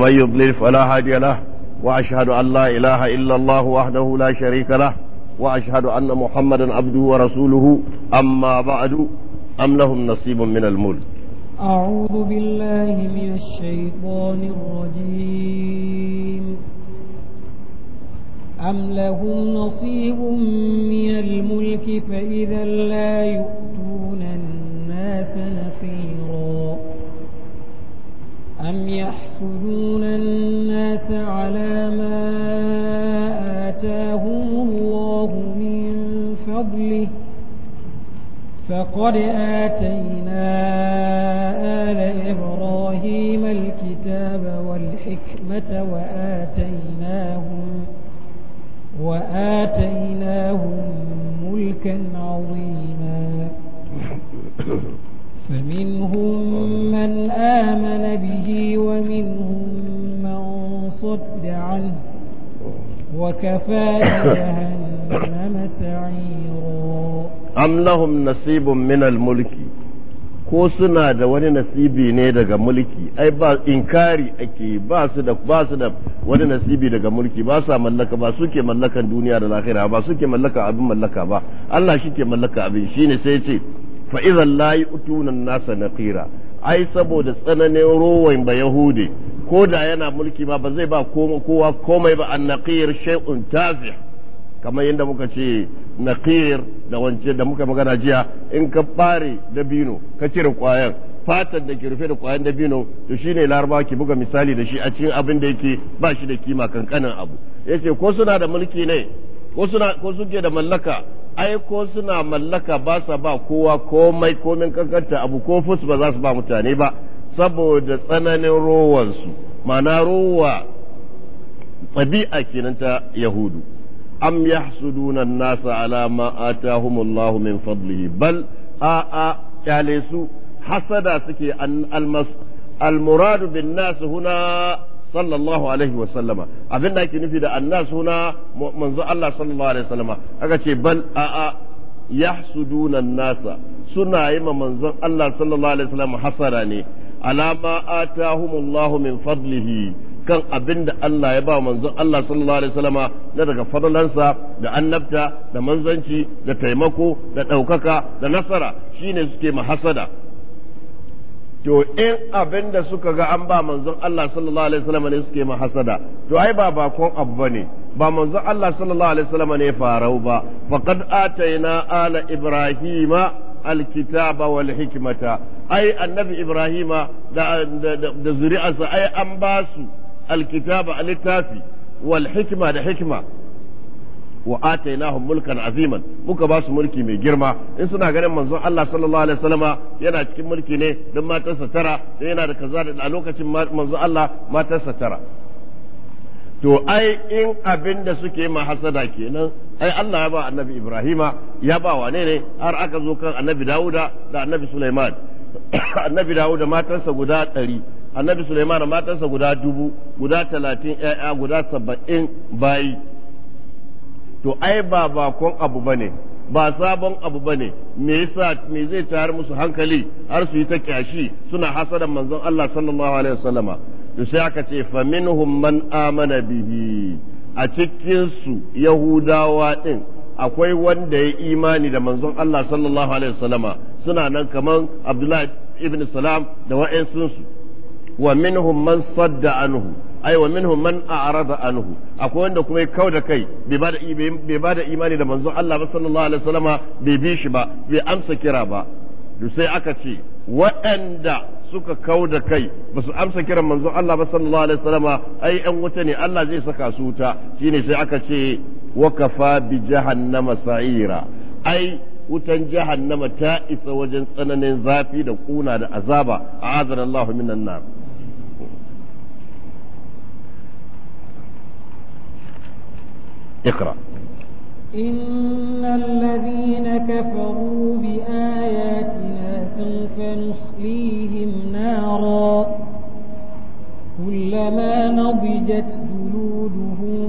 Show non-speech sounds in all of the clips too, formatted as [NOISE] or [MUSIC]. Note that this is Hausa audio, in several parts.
ومن يضلل فلا هادي له واشهد ان لا اله الا الله وحده لا شريك له واشهد ان محمدا عبده ورسوله اما بعد ام لهم نصيب من الملك اعوذ بالله من الشيطان الرجيم ام لهم نصيب من الملك فاذا لا يؤتون يحسدون الناس على ما آتاهم الله من فضله فقد آتينا آل إبراهيم الكتاب والحكمة وآتيناهم وآتيناهم ملكا عظيما فمنهم من آمن عنه وكفى جهنم سعيرا أم لهم نصيب من الملك ko suna da wani nasibi ne daga mulki ai ba inkari ake ba su da ba su da wani nasibi daga mulki ba sa mallaka ba suke mallakan duniya da lahira ba suke mallaka abin mallaka ba Allah shi ke mallaka abin shine sai ce fa idan la yu'tuna an-nasa naqira ai saboda tsananin rowan ba yahudi ko da yana mulki ba ba zai ba kowa komai ba an naqir shay'un tafi kamar yadda muka ce naqir da wance da muka magana jiya in ka bare dabino ka cire kwayan fatan da ke rufe da kwayan dabino to shine laraba ki buga misali da shi a cikin abin da yake ba shi da kima kankanin abu yace ko suna da mulki ne ko suna suke da mallaka ai ko suna mallaka ba sa ba kowa komai komin kankanta abu ko fus ba za su ba mutane ba saboda tsananin rowansu mana rowa ɗabi'a kenan ta yahudu am yahsuduna nasa ala ma atahumullahu min fadlihi bal a a kyale su hasada suke almas bin بالناس huna sallallahu alaihi wa sallama abin da ake nufi da annas suna manzo Allah sallallahu alaihi wa sallama aka ce bal a'a yahsuduna nasa suna yi ma manzon Allah sallallahu alaihi wa sallama hasara ne alama atahumullahu min fadlihi kan abin da Allah ya ba manzon Allah sallallahu alaihi wa sallama na daga fadalansa da annabta da manzanci da taimako da ɗaukaka da nasara shine suke mahasada to in abin da suka ga an ba manzon Allah sallallahu alaihi wasallam ne suke mahasada to ai ba bakon abu ne ba manzon Allah sallallahu alaihi wasallam ne farau ba faqad ataina ala ibrahima alkitaba wal hikmata ai annabi ibrahima da da zuri'arsa ai an ba su alkitaba littafi wal hikma da hikma wa atainahum mulkan aziman muka ba su mulki mai girma in suna ganin manzon Allah sallallahu alaihi wasallama yana cikin mulki ne don matarsa tara don yana da kaza da a lokacin manzon Allah matarsa tara to ai in abin da suke ma hasada kenan ai Allah ya ba annabi Ibrahima ya ba wane ne har aka zo kan annabi Dawuda da annabi Sulaiman [COUGHS] annabi Dawuda matarsa guda ɗari annabi Sulaiman matarsa guda dubu guda talatin ‘ya'ya guda saba'in bayi to ai ba bakon abu bane ba sabon abu bane me yasa me zai tayar musu hankali har su yi ta kyashi suna hasadan manzon Allah sallallahu alaihi wasallama to sai aka ce fa minhum man amana bihi a cikin su yahudawa din akwai wanda ya imani da manzon Allah sallallahu alaihi wasallama suna nan kaman Abdullahi ibn Salam da wa'ansu wa minhum man sadda anhu ai wa minhum man a'rada anhu akwai wanda kuma ya kauda kai bai bada bai bada imani da manzo Allah ba sallallahu alaihi wasallama bai bi shi ba bai amsa kira ba to sai aka ce waɗanda suka kauda kai ba su amsa kiran manzo Allah ba sallallahu alaihi wasallama ai wuta ne Allah zai saka su wuta shine sai aka ce wa kafa bi jahannama sa'ira ai wutan jahannama ta isa wajen tsananin zafi da kuna da azaba a'azana Allahu minan nar اقرأ إن الذين كفروا بآياتنا سوف نصليهم نارا كلما نضجت جلودهم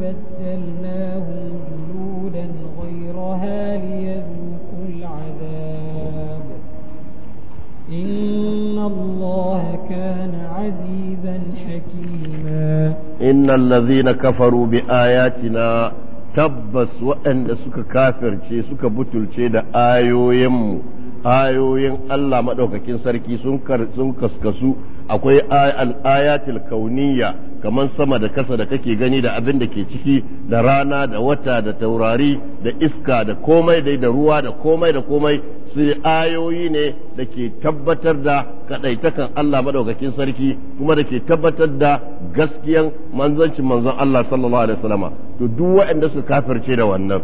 بدلناهم جلودا غيرها ليذوقوا العذاب إن الله كان عزيزا حكيما innal ladzina kafaru bi ayatina tabbas waɗanda suka kafirce suka butulce da ayoyinmu ayoyin Allah maɗaukakin sarki sun kaskasu akwai ayatul kauniya kamar sama da kasa da kake gani da abin da ke ciki da rana da wata da taurari da iska da komai da ruwa da komai da komai su ayoyi ne da ke tabbatar da kaɗaitakan Allah maɗaukakin sarki kuma da ke tabbatar da gaskiyan manzancin manzon Allah sallallahu alaihi wasallama to duk waɗanda su kafirce da wannan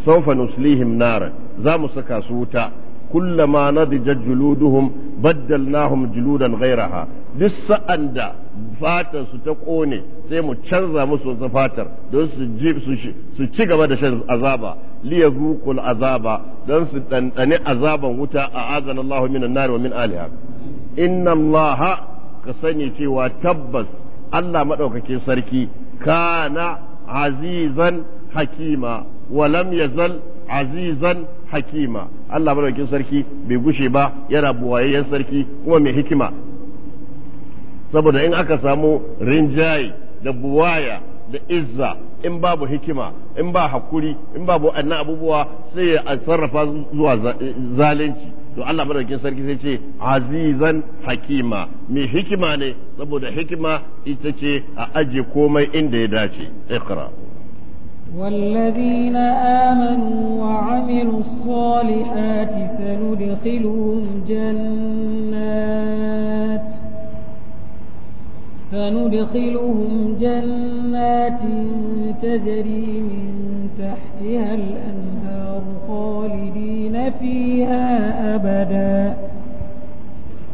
saufa nuslihim nara za mu saka su wuta kullama nadijat juluduhum baddalnahum juludan gairaha. duk sa'an da fatar su ta kone sai mu canza musu wata fatar don su ci gaba da shan azaba liyazuqul azaba don su dandane azaban wuta a azanallahu minan nar wa min aliha inna ka sani cewa tabbas Allah maɗaukakin sarki kana azizan hakima walam yazal azizan hakima Allah madaukin sarki bai gushe ba yana buwayayyen sarki kuma mai hikima saboda in aka samu rinjaye da buwaya da izza in babu hikima in ba hakuri in babu annan abubuwa sai ya sarrafa zuwa zalunci to Allah madaukin sarki sai ce azizan hakima mai hikima ne saboda hikima ita ce a aje komai inda ya dace iqra والذين آمنوا وعملوا الصالحات سندخلهم جنات سندخلهم جنات تجري من تحتها الأنهار خالدين فيها أبدا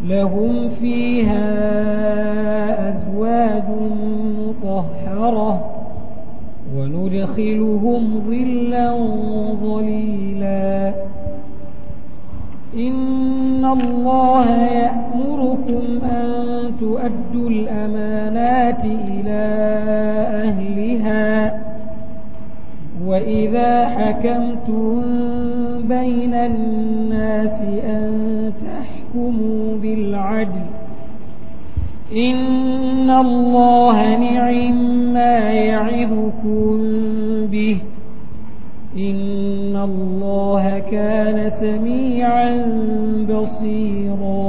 لهم فيها يدخلهم ظلا ظليلا إن الله يأمركم أن تؤدوا الأمانات إلى أهلها وإذا حكمتم بين الناس أن تحكموا بالعدل إن إِنَّ اللَّهَ نِعِمَّا يَعِظُكُم بِهِ إِنَّ اللَّهَ كَانَ سَمِيعًا بَصِيرًا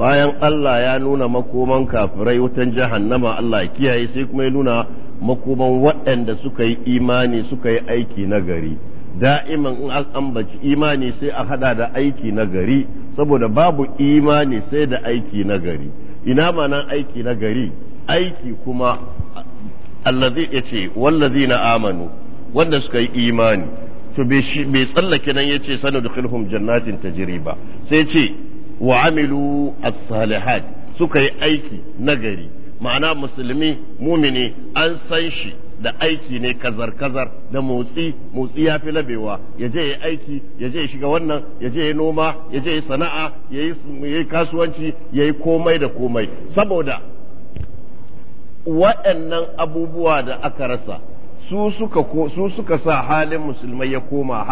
bayan Allah ya nuna makoman kafirai wutan jahannama Allah ya kiyaye sai kuma ya nuna makoman waɗanda suka yi imani suka yi aiki na gari da'iman in an ambaci imani sai a hada da aiki na gari saboda babu imani sai da aiki na gari ina manan aiki na gari aiki kuma allazi wallazi na amanu wanda suka yi imani to bai tsallake nan yace sanudkhilhum jannatin tajri ba sai ce wa amilu as-salihat suka yi aiki na gari ma'ana musulmi mumini an san shi da aiki ne kazar-kazar da motsi motsi ya fi labewa ya je ya aiki ya je ya shiga wannan ya je ya noma ya je ya sana'a ya yi kasuwanci ya yi komai da komai saboda waɗannan abubuwa da aka rasa su suka sa halin musulmai ya koma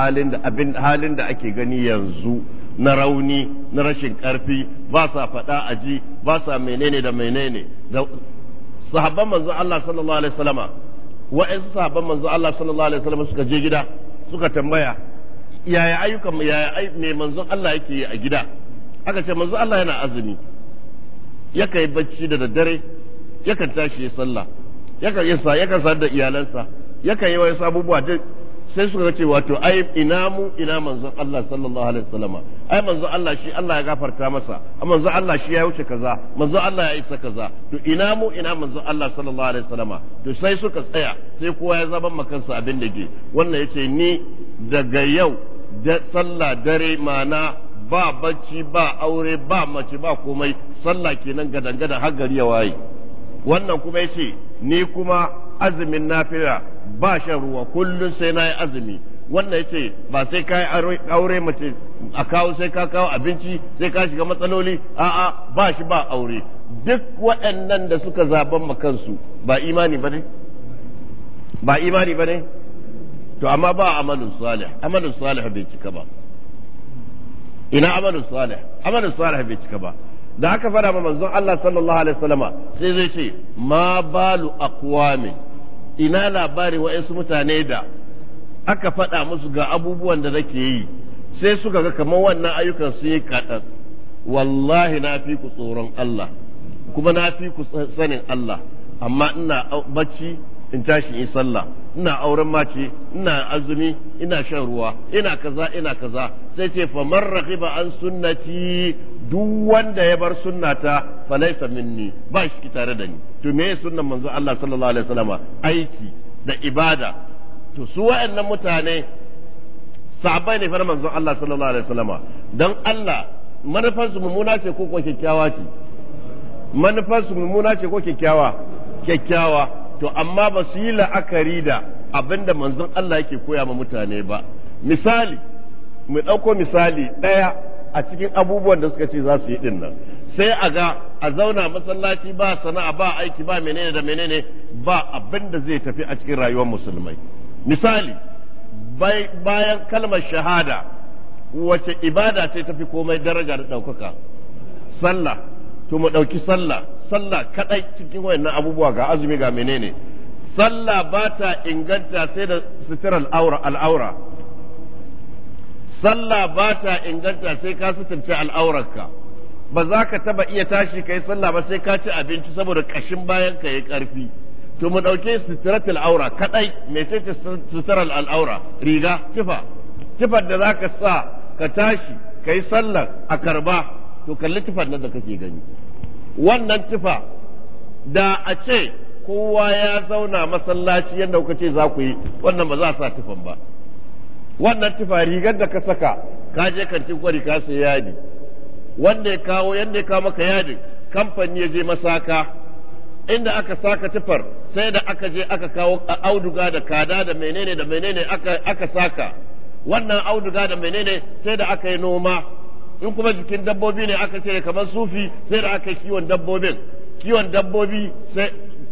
halin da ake gani yanzu na rauni na rashin karfi ba sa faɗa ji, ba sa menene da menene da sahabban manzo Allah sallallahu alaihi wasallama Waɗansu sahabban manzo Allah sallallahu alaihi wasallam suka je gida suka tambaya yaya ayyukan yaya me manzon Allah yake yi a gida aka ce manzo Allah yana azumi yakan yi bacci da daddare yakan tashi ya sallah yakan yasa yakan sadar da iyalansa yakan yi wasu abubuwa duk sai suka ce wato ai ina mu ina manzon Allah sallallahu alaihi wasallama ai manzon Allah shi Allah ya gafarta masa manzon Allah shi ya wuce kaza manzon Allah ya isa kaza to ina mu ina manzon Allah sallallahu alaihi wasallama to sai suka tsaya sai kowa ya zaban makansa abin da ke wannan yace ni daga yau da sallah dare mana ba bacci ba aure ba mace ba komai sallah kenan gadan gadan har gari ya waye wannan kuma yace ni kuma azumin nafila ba shan ruwa kullum sai na yi azumi wannan ya ce ba sai ka aure mace a kawo sai ka kawo abinci sai ka shiga matsaloli a'a ba shi ba aure duk waɗannan da suka zaben kansu ba imani ba ne ba imani ba ne to amma ba amalin salih amalin salih bai cika ba ina amalin salih amalin salih bai cika ba da aka fara ma manzon Allah sallallahu alaihi wasallama sai zai ce ma balu aqwamin ina labari waɗansu mutane da aka faɗa musu ga abubuwan da nake yi sai suka ga kamar wannan ayyukan sun yi kaɗan wallahi na fi ku tsoron Allah kuma na fi ku sanin Allah amma ina bacci in tashi in sallah ina auren mace ina azumi ina shan ruwa ina kaza ina kaza sai ce fa man raghiba an sunnati duk wanda ya bar sunnata fa falaisa minni ba shi tare da ni to me sunnan manzo Allah sallallahu alaihi wasallama aiki da ibada to su wa'annan mutane sahabbai ne fara manzo Allah sallallahu alaihi wasallama dan Allah su mummuna ce ko ko kyakkyawa ce su mummuna ce ko kyakkyawa kyakkyawa to amma ba su yi la'akari da abinda manzon Allah yake koya ma mutane ba misali mu ɗauko misali ɗaya a cikin abubuwan da suka ce za su yi ɗin nan sai a ga a zauna masallaci ba sana'a ba aiki ba menene da menene ba abin da zai tafi a cikin rayuwar musulmai misali bayan kalmar shahada wace ibada ce tafi komai daraja da ɗaukaka sallah to mu ɗauki sallah sallah kadai cikin wayannan abubuwa ga azumi ga menene sallah ba ta inganta sai da sitirar al'aura sallah ba ta inganta sai ka suturce al'aurarka ba za ka taba iya tashi ka yi sallah ba sai ka ci abinci saboda kashin bayan ka yi karfi to mu ɗauke sitiratul aura kaɗai mece ce sitirar al'aura riga tufa tufar da za ka sa ka tashi ka yi sallar a karba to kalli tufar nan da kake gani wannan tufa da a ce kowa ya zauna masallaci yadda kuka ce za ku yi wannan ba za a sa tufan ba wannan tufa rigar da ka saka ka je kantin kwari ka sai yadi wanda ya kawo yadda ya kawo maka yadin kamfani ya je masaka inda aka saka tufar sai da aka je aka kawo auduga da kada da menene da menene aka saka wannan auduga da menene sai da aka yi noma in kuma jikin dabbobi ne aka cire kamar sufi sai da aka kiwon dabbobin kiwon dabbobi sai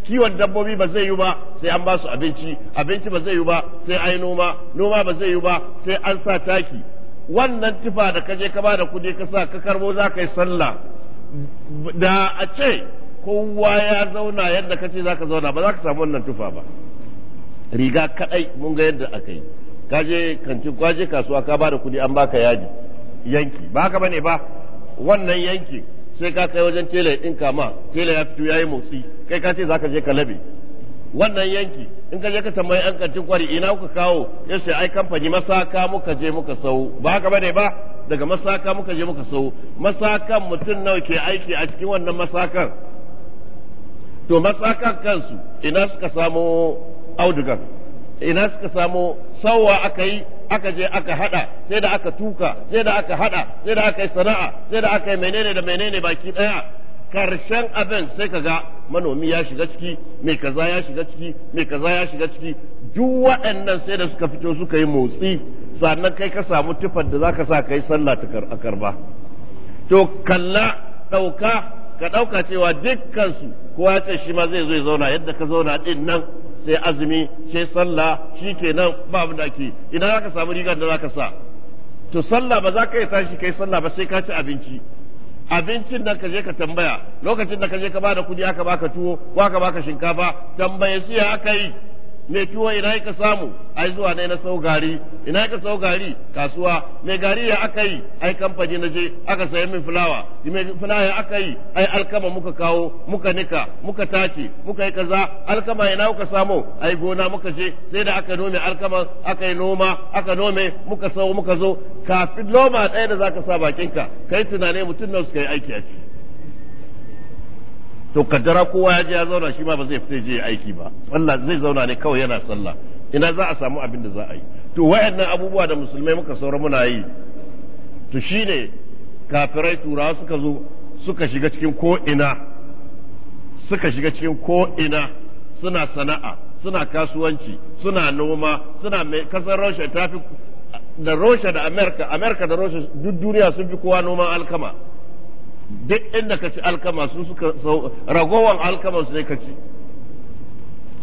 kiwon dabbobi ba zai yi ba sai an ba su abinci abinci ba zai yi ba sai ai noma noma ba zai yi ba sai an sa taki wannan tufa da kaje ka ba da kudi ka sa ka karbo za ka yi sallah da a ce kowa ya zauna yadda ka ce za ka zauna ba za ka samu wannan tufa ba riga kadai mun ga yadda aka yi kaje kantin kwaje kasuwa ka ba da kudi an baka yaji yanki ba haka bane ba wannan yanki sai ka kai wajen tela in kama tela ya fito ya yi motsi kai ka ce zaka je ka labe wannan yanki in ka je ka tambayi an kantin kwari ina kuka kawo ya ce ai kamfani masaka muka je muka sau ba haka bane ba daga masaka muka je muka sau masakan mutum nawa ke aiki a cikin wannan masakan to masakan kansu ina suka samo audugan ina suka samo sauwa aka yi aka je aka hada sai da aka tuka sai da aka hada sai da aka yi sana'a sai da aka yi menene da menene baki daya karshen abin sai ka ga manomi ya shiga ciki mai kaza ya shiga ciki mai kaza ya shiga ciki duk waɗannan sai da suka fito suka yi motsi sannan kai ka samu tufar da zaka sa kai sallah ta karba to kalla ɗauka ka ɗauka cewa dukkansu kowa ya ce shi ma zai zo ya zauna yadda ka zauna din nan sai azumi sai sallah shikenan ba abin da ake idan zaka samu riga da za ka sa to sallah ba za ka iya tashi kai sallah ba sai ka ci abinci abincin da ka je ka tambaya lokacin da ka je ka bada kudi aka baka tuwo ko aka baka shinkafa tambaye su ya aka yi mai tuwo ina ka samu ai zuwa ne na sau gari ina ka sau gari kasuwa mai gari ya aka yi ai kamfani na je aka sayi min fulawa mai fulawa ya aka yi ai alkama muka kawo muka nika muka tace muka yi kaza alkama ina kuka samu ai gona muka je sai da aka nome alkama aka yi noma aka nome muka sau muka zo kafin noma ɗaya da zaka sa bakinka kai tunane mutum nan suka yi aiki a ciki to kaddara kowa ya je ya zauna shi ma ba zai fita je aiki ba sallah zai zauna ne kawai yana sallah ina za a samu abin da za a yi to wayannan abubuwa da musulmai muka saura muna yi to shine kafirai turawa suka zo suka shiga cikin ko ina suka shiga cikin ko ina suna sana'a suna kasuwanci suna noma suna mai kasar Rasha ta fi da Rasha da Amerika Amerika da Rasha duk duniya sun fi kowa noman alkama duk inda ka ci alkama su suka ragowar alkama su ne ka ci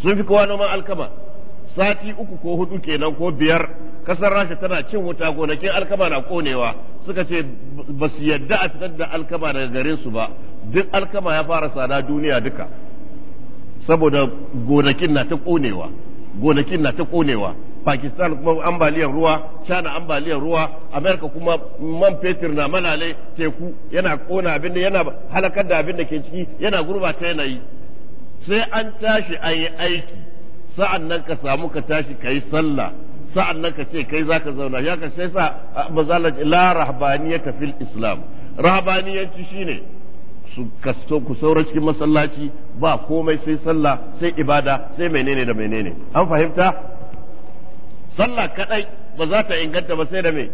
sun fi kowa noman alkama sati uku ko hudu kenan ko biyar kasar rasha tana cin wuta gonakin alkama na konewa suka ce ba su yadda a fitar da alkama daga garinsu su ba duk alkama ya fara tsada duniya duka saboda gonakin na ta konewa gonakin na ta konewa pakistan kuma ambaliyar ruwa china ambaliyar ruwa america kuma man fetur na malale teku yana kona abin da yana halakar da abin da ke ciki yana gurbata yanayi sai an tashi an yi aiki sa'an nan ka samu ka tashi ka yi sallah sa'an nan ka ce kai za ka zauna ya ka sai sa za la rahbaniyata fil islam rahbaniyanci shine su kasto ku saura cikin masallaci ba komai sai sallah sai ibada sai menene da menene an fahimta sallah kadai ba za ta inganta ba sai da me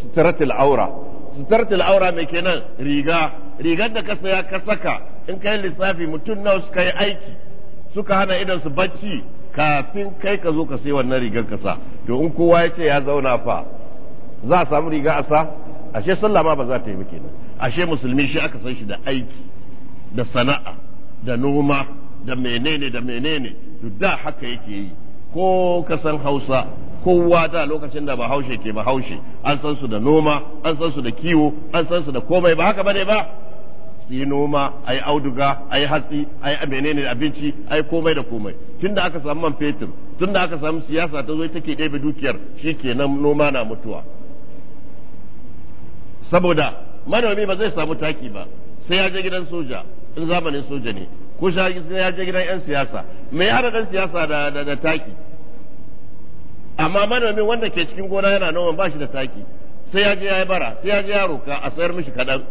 sitaratul aura sitaratul aura me kenan riga rigar da ka saya ka saka in kai lissafi mutum nawa suka yi aiki suka hana idan su bacci kafin kai ka zo ka sai wannan rigar ka sa to in kowa ya ce ya zauna fa za a samu riga a sa ashe sallah ma ba za ta yi ba kenan ashe musulmi shi aka san shi da aiki da sana'a da noma da menene da menene to da haka yake yi ko kasan hausa kowa da lokacin da bahaushe ke bahaushe an san su da noma an san su da kiwo an san su da komai ba haka bane ba su yi noma a auduga a yi hatsi a yi menene abinci a komai da komai tun da aka samu man fetur tun da aka samu siyasa ta zo take ɗebe dukiyar shi kenan noma na mutuwa saboda manomi ba zai samu taki ba sai ya je gidan soja in zamanin soja ne ko shi ya je gidan 'yan siyasa me ya dan siyasa da da, da taki amma manomin wanda ke cikin gona yana noman ba shi da taki sai ya je ya yi bara sai ya je ya roka a sayar mishi kaɗan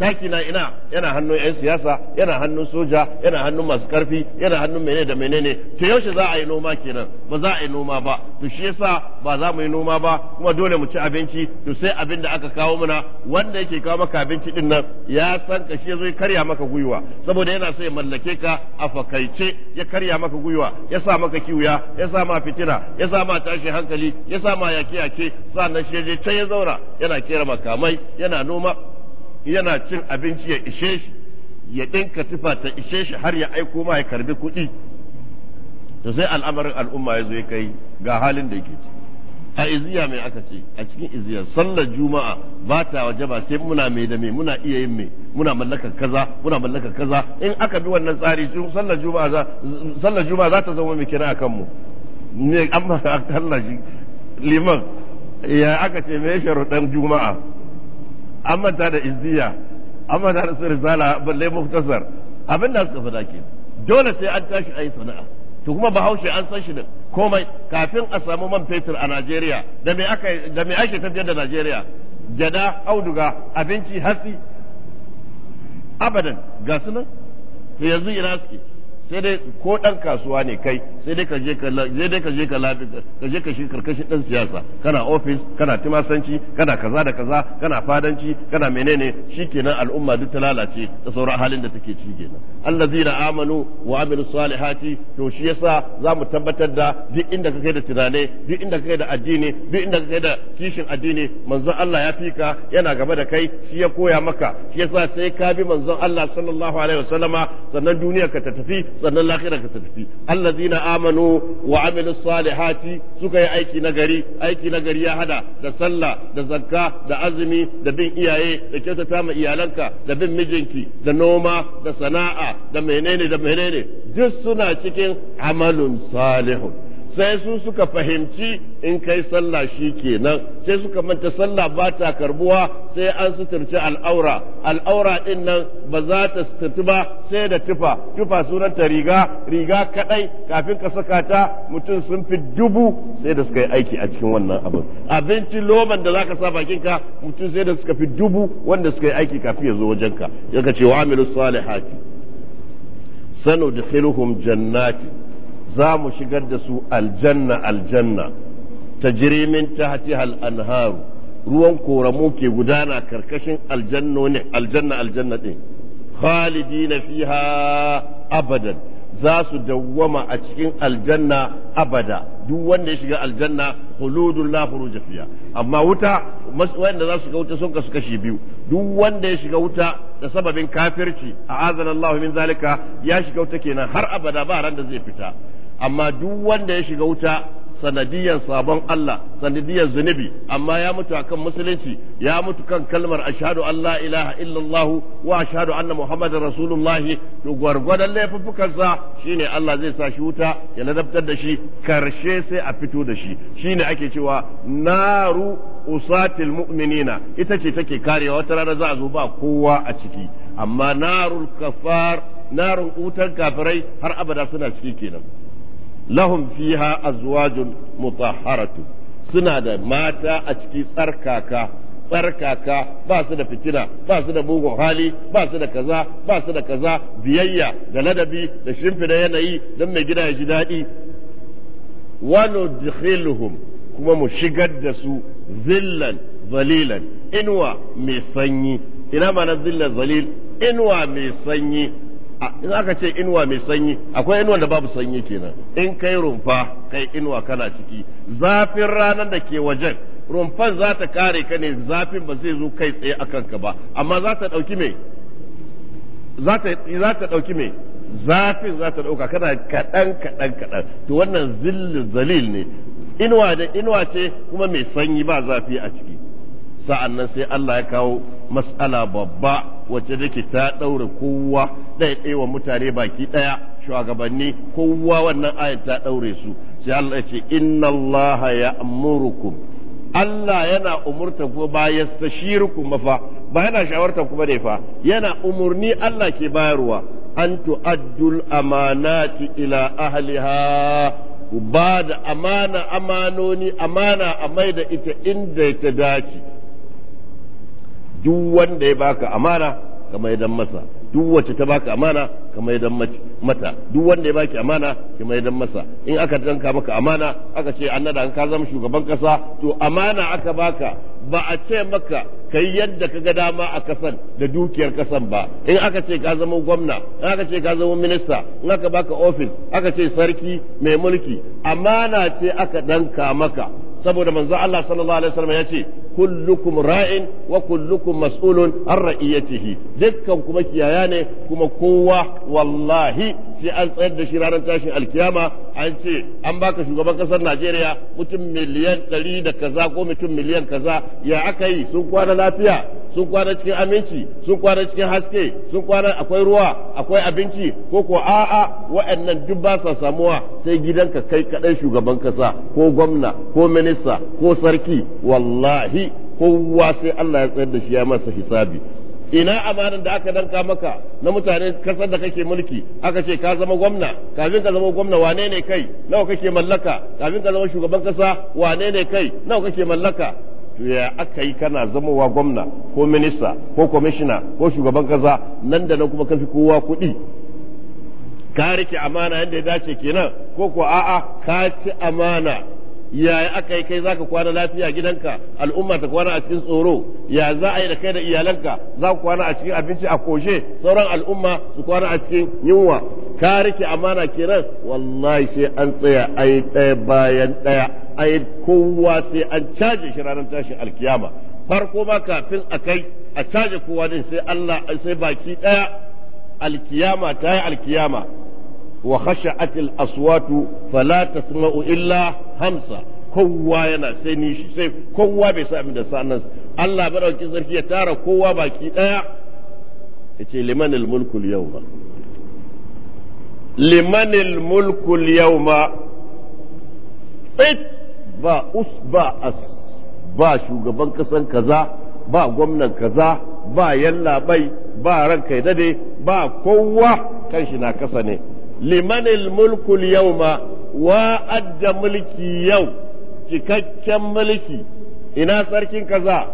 daki na ina yana hannun yan siyasa yana hannun soja yana hannun masu karfi yana hannun menene da menene to yaushe za a yi noma kenan ba za a yi noma ba to shi yasa ba za mu yi noma ba kuma dole mu ci abinci to sai abin da aka kawo muna wanda yake kawo maka abinci din nan ya san ka shi zai karya maka gwiwa saboda yana so ya mallake ka a fakaice ya karya maka gwiwa ya sa maka kiwuya ya sa ma fitina ya sa ma tashi hankali ya sa ma yake yake sannan shi je can ya zauna yana kera makamai yana noma yana cin abinci ya ishe shi ya ɗinka tufa ta ishe shi har ya aiko ma ya karbi kuɗi to sai al'amarin al'umma ya zo ya kai ga halin da yake ci a iziya mai aka ce a cikin iziya sallar juma'a ba ta waje ba sai muna mai da mai muna iya yin mai muna mallakar kaza muna mallakar kaza in aka bi wannan tsari sallar juma'a za sallar juma'a za ta zama mai kira a kanmu ne amma [LAUGHS] Allah shi liman ya aka ce me sharuɗan juma'a an manta da izziya an manta da sirri zala balle muktasar abin da suka faɗa ke dole sai an tashi a yi sana'a to kuma bahaushe an san shi da komai kafin a samu man fetur a najeriya da me aka da me ake tafiyar da najeriya gyada auduga abinci hatsi abadan ga su nan to yanzu ina suke sai dai ko ɗan kasuwa ne kai sai dai ka je ka sai dai ka je ka ka je shi karkashin dan siyasa kana ofis kana timasanci kana kaza da kaza kana fadanci kana menene shikenan al'umma duk ta lalace ta sauran halin da take Allah kenan allazina amanu wa amilu salihati to shi yasa zamu tabbatar da duk inda kake da tunane duk inda kake da addini duk inda kake da kishin addini manzon Allah ya fika yana gaba da kai shi ya koya maka shi yasa sai ka bi manzon Allah sallallahu alaihi wasallama sannan duniya ka ta tafi sannan lahira ka tafi allazina amanu wa amilu salihati suka yi aiki na gari aiki na gari ya hada da sallah da zakka da azumi da bin iyaye da kyautata ma iyalanka da bin mijinki da noma da sana'a da menene da menene duk suna cikin amalun salihun sai su suka fahimci in kai sallah shi kenan sai suka manta sallah ba ta karbuwa sai an suturci al'aura al'aura din nan ba za ta suturci ba sai da tufa tufa sunanta riga riga kadai kafin ka saka ta mutum sun fi dubu sai da suka yi aiki a cikin wannan abin abinci loban da zaka sa bakin ka mutum sai da suka fi dubu wanda suka yi aiki kafin ya zo wajenka yaka ce wa amilu salihati dukhiluhum jannati za mu shigar da su aljanna aljanna ta jirimin ta hatihal anharu ruwan koramu ke gudana karkashin aljanna aljanna ɗin khalidina fiha abadan za su dawwama a cikin aljanna abada duk wanda ya shiga aljanna huludun la furuja amma wuta wanda za su shiga wuta sun kasu kashi biyu duk wanda ya shiga wuta da sababin kafirci a azan Allah min zalika ya shiga wuta kenan har abada ba ran da zai fita amma duk wanda ya shiga wuta sanadiyar sabon Allah sanadiyar zunubi amma ya mutu akan musulunci ya mutu kan kalmar ashadu an la ilaha illallah wa ashhadu anna muhammadar rasulullah to gwargwadon laifuffukansa shine Allah zai sa shi wuta ya ladabtar da shi karshe sai a fito da shi shine ake cewa naru usatil mu'minina ita ce take karewa wata rana za a zo ba kowa a ciki amma narul kafar narun utan kafirai har abada suna ciki kenan lahum fiha azwajun mutahharatu suna da mata a ciki tsarkaka tsarkaka ba su da fitina ba su da bugun hali ba su da kaza ba su da kaza biyayya da ladabi da shimfida yanayi don mai gida ya ji daɗi wano nudkhiluhum kuma mu shigar da su zillan zalilan inwa mai sanyi ina mana zillan zalil inwa mai sanyi in aka ce inuwa mai sanyi akwai inuwa da babu sanyi kenan in kai rumfa kai inuwa kana ciki zafin ranar da ke wajen rumfan za ta kare ka ne zafin ba zai zo kai tsaye a kanka ba amma za ta ɗauki mai za ta ɗauki mai zafin za ta ɗauka kana kaɗan kaɗan kaɗan to wannan zillin zalil ne inuwa da inuwa ce kuma mai sanyi ba zafi a ciki sa'an nan sai Allah ya kawo mas'ala babba wacce take ta ɗaure kowa ɗaya wa mutane baki ɗaya shugabanni kowa wannan ayat ta ɗaure su sai Allah ya ce inna Allah ya amurukum Allah yana umurta ku ba ya tashirukum mafa ba yana shawarta kuma ne fa yana umurni Allah ke bayarwa an tu'addul amanati ila ahliha ba da amana amanoni amana a mai da ita inda ta dace duk wanda ya baka amana ka maidan masa duk wacce ta baka amana ka maidan mata duk wanda ya baki amana ki maidan masa in aka danka maka amana aka ce an ka zama shugaban kasa to amana aka baka ba a ce maka kai yadda ka ga dama a kasan da dukiyar kasan ba in aka ce ka zama gwamna in aka ce ka zama minista in aka baka ofis aka ce sarki mai mulki amana ce aka danka maka saboda manzo Allah sallallahu alaihi wasallam ya kullukum ra'in wa kullukum mas'ulun an ra'iyatihi dukkan kuma kiyaya ne kuma kowa wallahi sai an tsayar da shi ranar tashin alkiyama an ce an baka shugaban kasar Najeriya mutum miliyan 100 da kaza ko mutum miliyan kaza ya aka yi sun kwana lafiya sun kwana cikin aminci sun kwana cikin haske sun kwana akwai ruwa akwai abinci ko ko a'a wa'annan duk ba sa samuwa sai gidanka kai kaɗai shugaban kasa ko gwamna ko mini minista ko sarki wallahi kowa sai Allah ya tsayar da shi ya masa hisabi ina amanan da aka danka maka na mutane kasar da kake mulki aka ce ka zama gwamna kafin ka zama gwamna wane ne kai nawa kake mallaka kafin ka zama shugaban kasa wane ne kai nawa kake mallaka to ya aka yi kana zamowa gwamna ko minista ko kwamishina ko shugaban kasa nan da nan kuma kafi kowa kuɗi ka rike amana yadda ya dace kenan ko ko a'a ka ci amana yaya aka yi kai zaka kwana lafiya gidanka al'umma ta kwana a cikin tsoro ya za a yi da kai da iyalanka za ku kwana a cikin abinci a koshe sauran al'umma su kwana a cikin yunwa ka rike amana kenan wallahi sai an tsaya ai ɗaya bayan ɗaya ai kowa sai an caje shi ranar tashin alkiyama farko ma kafin a kai a caje kowa din sai Allah sai baki ɗaya alkiyama ta yi alkiyama wa khasha'atil aswatu fala tasma'u illa hamsa kowa yana sai shi sai kowa bai sa abin da sanan Allah madauki sarki ya tara kowa baki daya yace limanil mulku yawma limanil mulku yawma it ba us ba as ba shugaban kasan kaza ba gwamnan kaza ba yalla bai ba ranka dade ba kowa kan shi na kasa ne limanil mulkul yawma wa adda mulki yau cikakken mulki ina sarkin kaza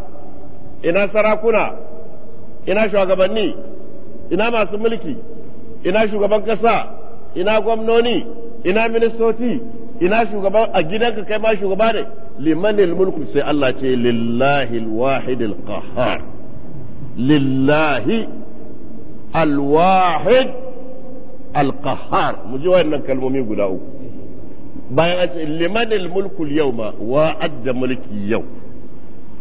ina sarakuna ina shugabanni ina masu mulki ina shugaban kasa ina gwamnoni ina ministoci ina shugaban a gidanka kai ma shugaba ne limanil mulku sai Allah ce lillahi alwahid alqahar lillahi alwahid alqahar mu ji wannan kalmomi guda uku bayan an ce liman mulkul yawma wa adda mulki yau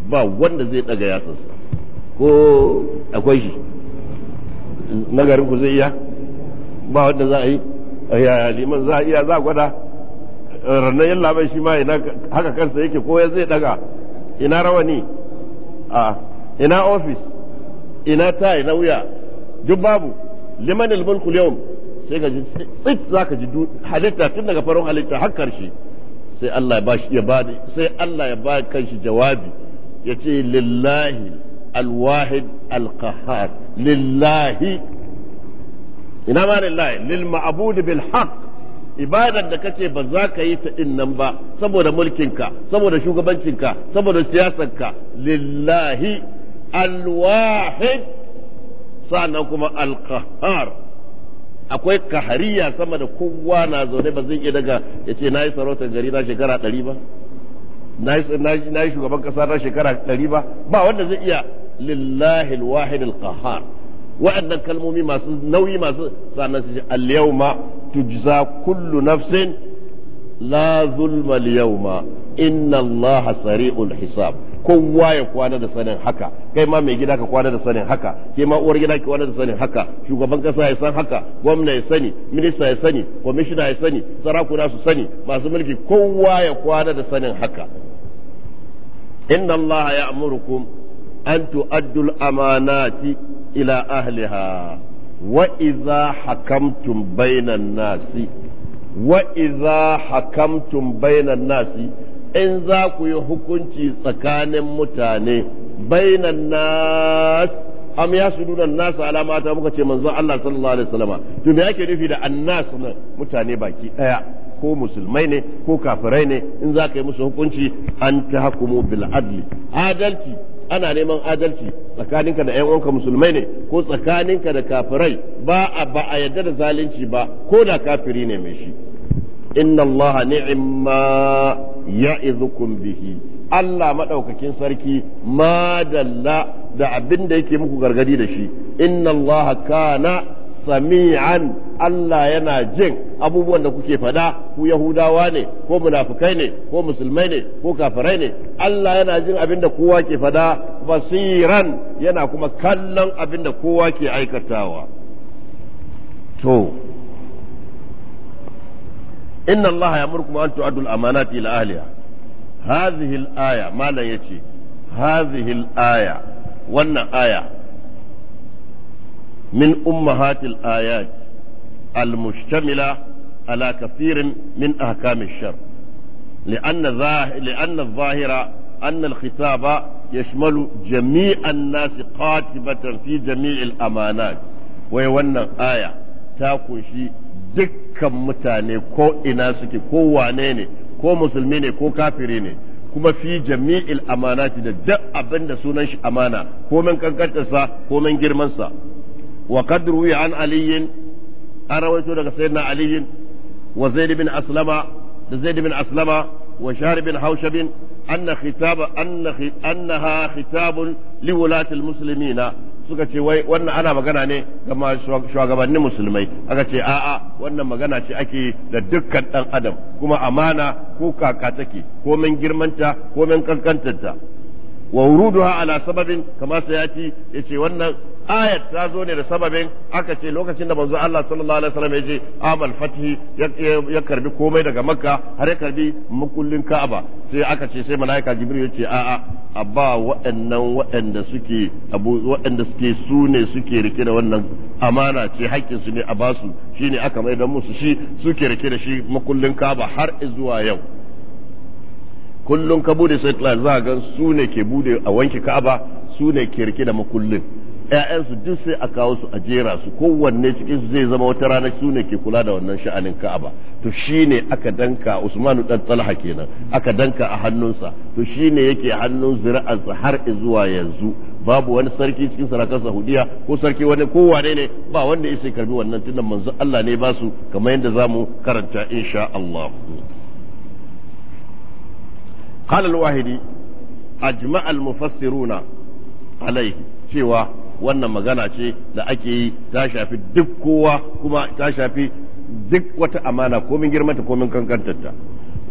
ba wanda zai daga yatsansa ko akwai shi nagarin ku zai iya ba wanda za a yi ya liman za a iya za a gwada rannan yalla bai shi ma ina haka kansa yake ko ya zai daga ina rawani a ina ofis ina tai na wuya duk babu liman mulku yau. sai ka ji tsit za ka ji halitta tun daga farin halitta har karshe sai Allah ya bashi ya bani sai Allah ya ba kanshi jawabi ya ce lillahi alwahid alqahar lillahi ina ma lillahi lil ma'bud bil haqq ibadar da kace ba za ka yi ta nan ba saboda mulkinka saboda shugabancinka saboda siyasarka lillahi alwahid sannan kuma alqahar akwai kahariya sama da kowa na zaune ba zai iya daga ya ce na yi sarautar gari na shekara ɗari ba na yi shugaban ƙasa na shekara ɗari ba ba wanda zai iya lillahi alwahid alqahar wa'annan kalmomi masu nauyi masu sannan su ce al tujza kullu nafsin la zulma al-yawma inna allaha sari'ul hisab kowa ya kwana da sanin haka kai ma mai gida ka kwana da sanin haka ke ma uwar gida ki kwana da sanin haka shugaban kasa ya san haka gwamna ya sani minista ya sani kwamishina ya sani sarakuna su sani masu mulki kowa ya kwana da sanin haka inna allaha ya'murukum an tu'addu al-amanati ila ahliha wa idza hakamtum bainan nasi wa idza hakamtum bainan nasi in za ku yi hukunci tsakanin mutane bainan nas am ya su nuna nasu alama muka ce manzo Allah sallallahu alaihi wasallama to me yake nufi da annas nan mutane baki daya ko musulmai ne ko kafirai ne in za ka yi musu hukunci an ta hukumu bil adli adalci ana neman adalci tsakaninka da 'yan uwanka musulmai ne ko tsakaninka da kafirai ba a ba a yadda da zalunci ba ko da kafiri ne mai shi inna allaha ni'imma kun bihi Allah maɗaukakin sarki Madala da abin da yake muku gargadi da shi inna allaha kana sami'an Allah yana jin abubuwan da kuke fada ku Yahudawa ne ko munafukai ne ko musulmai ne ko kafirai ne Allah yana jin abin da kowa ke fada basiran yana kuma kallon abin da kowa ke aikatawa to إن الله يأمركم أن تؤدوا الأمانات إلى أهلها هذه الآية ما لا يتي هذه الآية وأن آية من أمهات الآيات المشتملة على كثير من أحكام الشر لأن, لأن الظاهرة أن الخطاب يشمل جميع الناس قاتبة في جميع الأمانات ويوانا آية تاكو شيء dukkan mutane ko ina suke ko wane ne ko musulmi ne ko kafiri ne kuma fi jami'il amanati da duk abin da sunan shi amana ko min kankantarsa ko min girmansa wa qad ruwiya an aliyin an rawaito daga sayyidina aliyin wa zaid bin aslama da zaid bin aslama wa shahr bin haushab anna khitaba anna annaha khitabun liwulatil muslimina suka ce wai wannan ana magana ne ga shugabannin musulmai aka ce a'a wannan magana ce ake da dukkan dan adam kuma amana ko kaka take ko min girmanta ko min wa wuruduha ala sababin kama sayati yace wannan ayat ta zo ne da sababin aka ce lokacin da manzo Allah sallallahu alaihi wasallam yace amal fathi ya karbi komai daga makka har ya karbi mukullin ka'aba sai aka ce sai malaika jibril yace a a abba wa'annan wa'anda suke abu wa'anda suke su ne suke rike da wannan amana ce haƙƙin su ne a basu shine aka mai da musu shi suke rike da shi makullin ka'aba har zuwa yau kullum ka bude satellite za ga su ne ke bude a wanke ka'aba su ne ke rike da makullin 'ya'ya'nsu duk sai a kawo su a jera su kowanne cikin su zai zama wata rana su ne ke kula da wannan sha'anin Ka'aba to shine aka danka Usmanu dan Talha kenan aka danka a hannunsa to shine yake hannun zuri'arsa har zuwa yanzu babu wani sarki cikin sarakan Saudiya ko sarki wani ko wane ne ba wanda ya sai karbi wannan tunan manzo Allah ne ba su kamar yadda zamu karanta insha Allah قال الواحدي أجمع المفسرون عليه cewa wannan magana ce da ake yi ta shafi duk kowa kuma ta shafi duk wata amana komin girmanta komin kankantarta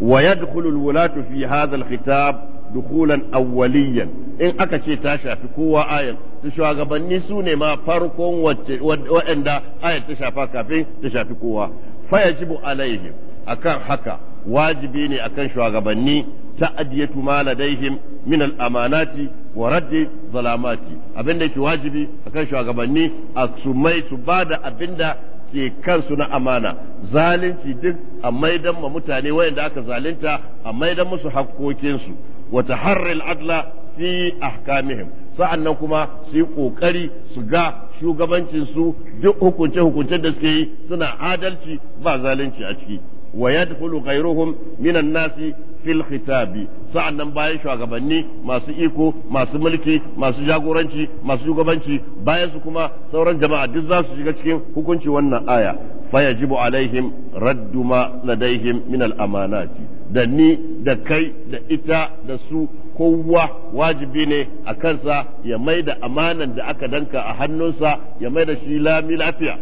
wa yadkhulu alwulatu fi hadha alkhitab dukhulan awwaliyan in aka ce ta shafi kowa ayan su shugabanni su ne ma farkon wacce waɗanda ayat ta shafa kafin ta shafi kowa fa yajibu alaihim akan haka wajibi ne akan shugabanni ta adiyatu maladaihim min al-amanati wa raddi zalamati abinda yake wajibi akan shugabanni a su mai bada abinda ke kansu na amana zalunci duk a maidan ma mutane wayanda aka zalunta a maidan musu hakkokinsu wa taharril adla fi ahkamihim sa'annan kuma su yi ƙoƙari su ga shugabancinsu duk hukunce-hukuncen da suke yi suna adalci ba zalunci a ciki wa yadkhulu ghayruhum minan nasi fil khitabi sa'annan bayan shugabanni masu iko masu mulki masu jagoranci masu shugabanci bayan su kuma sauran jama'a duk za su shiga cikin hukunci wannan aya fayajibu alaihim raddu ma ladaihim min al amanati da ni da kai da ita da su kowa wajibi ne a kansa ya mai da amanan da aka danka a hannunsa ya mai da shi lami lafiya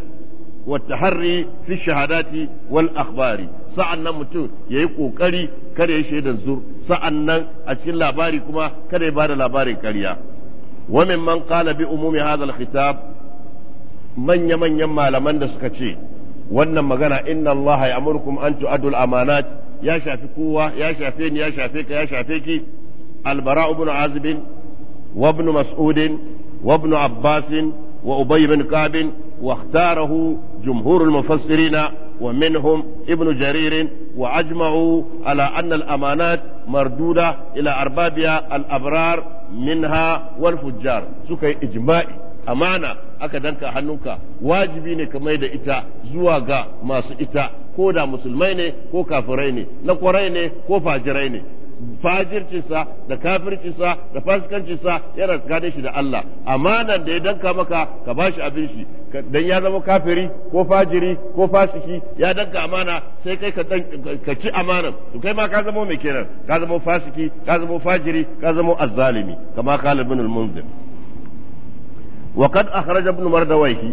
والتحري في الشهادات والأخبار sa'annan mutum ya yi ƙoƙari kada ya shaidan zur sa'annan a cikin labari kuma kada ya bada labarin karya. wa man qala bi umumi hadha al-khitab manya manyan malaman da suka ce wannan magana inna allaha ya'murukum an tu'addu al-amanat ya shafi kowa ya shafe ni ya shafe ka ya shafe ki albara ibn azib wa ibn mas'ud wa abbas wa ubay ibn ka'b واختاره جمهور المفسرين ومنهم ابن جرير وأجمعوا على أن الأمانات مردودة إلى أربابها الأبرار منها والفجار yi إجماعي amana aka danka hannunka wajibi ne ka mai da ita zuwa ga masu ita ko da musulmai ne ko kafirai ne na kwarai ne ko fajirai ne fajircinsa da kafircinsa da fasikancinsa yana gane shi da Allah amanan da ya danka maka ka bashi abin shi dan ya zama kafiri ko fajiri ko fasiki ya danka amana sai kai ka ka ci amanan to kai ma ka zama mai kenan ka zama fasiki ka zama fajiri ka zama azzalimi kama qala ibn al-munzir وقد أخرج ابن مردويه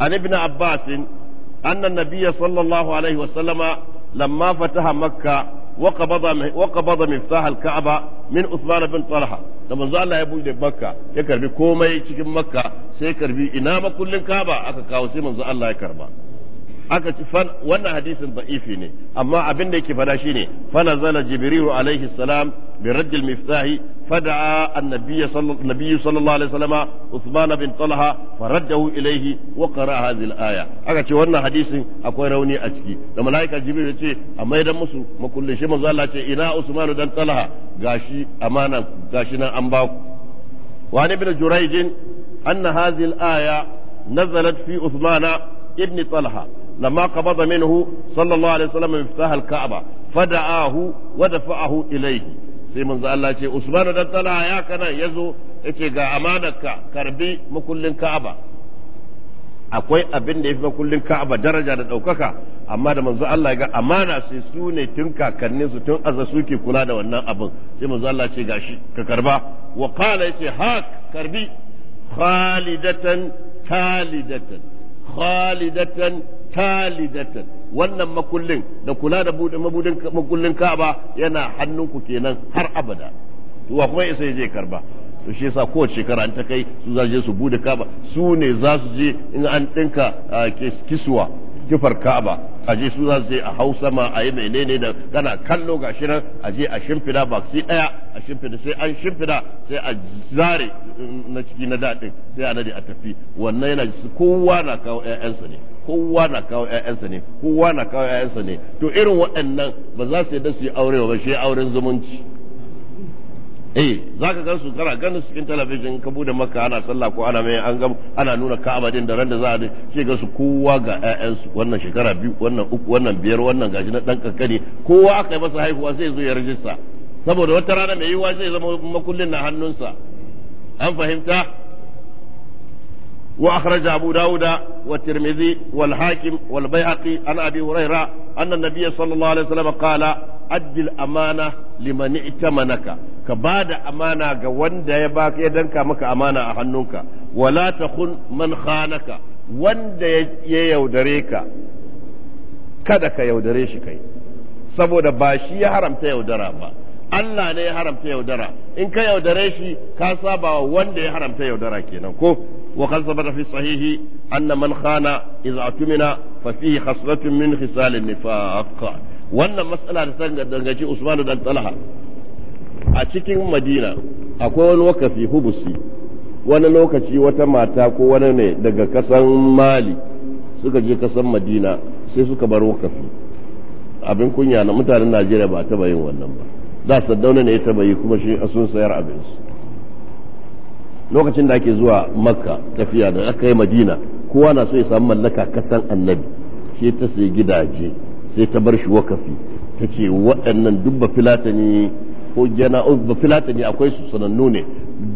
عن an عباس أن النبي صلى الله عليه وسلم lamma fataha Makka. وقبض وقبض مفتاح الكعبة من عثمان بن طلحة da manzo Allah ya buɗe Makka ya karbi komai cikin Makka sai karbi ina makullin Kaaba aka kawo sai manzo Allah ya karɓa. aka ci wannan hadisin da'ifi ne amma abin da yake fada shine fanazala jibrilu alaihi salam bi raddil miftahi fada'a annabiyyu sallallahu alaihi usman bin talha faraddahu ilaihi wa qara'a hadhihi al aka ce wannan hadisin akwai rauni a ciki da malaika jibril ya ce a maidan musu makullin shi manzo Allah ce ina usman dan talha gashi amana gashi nan an ba ku wa ibn jurayj anna hadhihi al nazalat fi usmana ibn talha لما قبض منه صلى الله عليه وسلم مفتاح الكعبة فدعاه ودفعه إليه sai manzo Allah ce Usman dan Talha ya kana yazo yace ga amanarka karbi makullin Ka'aba akwai abin da yafi makullin Ka'aba daraja da daukaka amma da manzo Allah ga amana sai su ne tun kakannin su tun azza suke kula da wannan abin sai manzo Allah ce gashi ka karba wa qala yace hak karbi khalidatan khalidatan khalidatan talidatan wannan makullin da kula da mabudin makullin Ka'aba yana hannun hannunku kenan har abada wa kuma isa je karba to shi yasa kowace shekara an ta kai su za su je su bude Ka'aba su ne za su je in an dinka ah, kiswa kifar Ka'aba a je su za su je a hau sama a yi menene da kana kallo ga shi nan a je a shimfida ba su daya a shimfida sai an shimfida sai a zare na ciki na daɗin sai a nade a tafi wannan yana kowa na kawo 'ya'yansa ne kowa na kawo 'ya'yansa ne kowa na kawo 'ya'yansa ne to irin waɗannan ba za su da su yi aure ba shi auren zumunci eh ka gan su kana ganin cikin talabijin ka bude maka ana sallah ko ana mai an gam ana nuna Ka'aba din da ran da za a ce ga su kowa ga ƴaƴan su wannan shekara biyu wannan uku wannan biyar wannan gashi na dan kankane kowa aka yi masa haihuwa sai zo ya rajista saboda wata rana mai yiwuwa zai zama makullin na hannunsa an fahimta wa وأخرج wa tirmidhi wal hakim wal bayhaqi an abi أن anna صلى sallallahu alaihi wasallam qala addil amana liman itamanaka ka ba da amana ga wanda ya ba ya danka maka amana a hannunka wala takhun man khanaka wanda ya yaudare ka kada ka yaudare shi kai saboda ba shi ya haramta yaudara ba Allah ne ya haramta yaudara in ka yaudare shi ka saba wa wanda ya haramta yaudara kenan ko وقد ثبت في الصحيح أن من خان fasihi اعتمن ففيه خصلة من خصال النفاق wannan matsala da san dangaci Usman da Talha a cikin Madina akwai wani wakafi hubusi wani lokaci wata mata ko wani ne daga kasan Mali suka je kasan Madina sai suka bar wakafi abin kunya na mutanen Najeriya ba taba yin wannan ba za su Saddauna ne ya bayi kuma shi sun sayar abinsu lokacin da ake zuwa Makka tafiya da aka yi Madina kowa na so ya samu mallaka kasan Annabi shi ta sai gidaje sai ta bar shi wakafi ta ce waɗannan dubba filata ne ko jana'uz ba filatani akwai su sanannu ne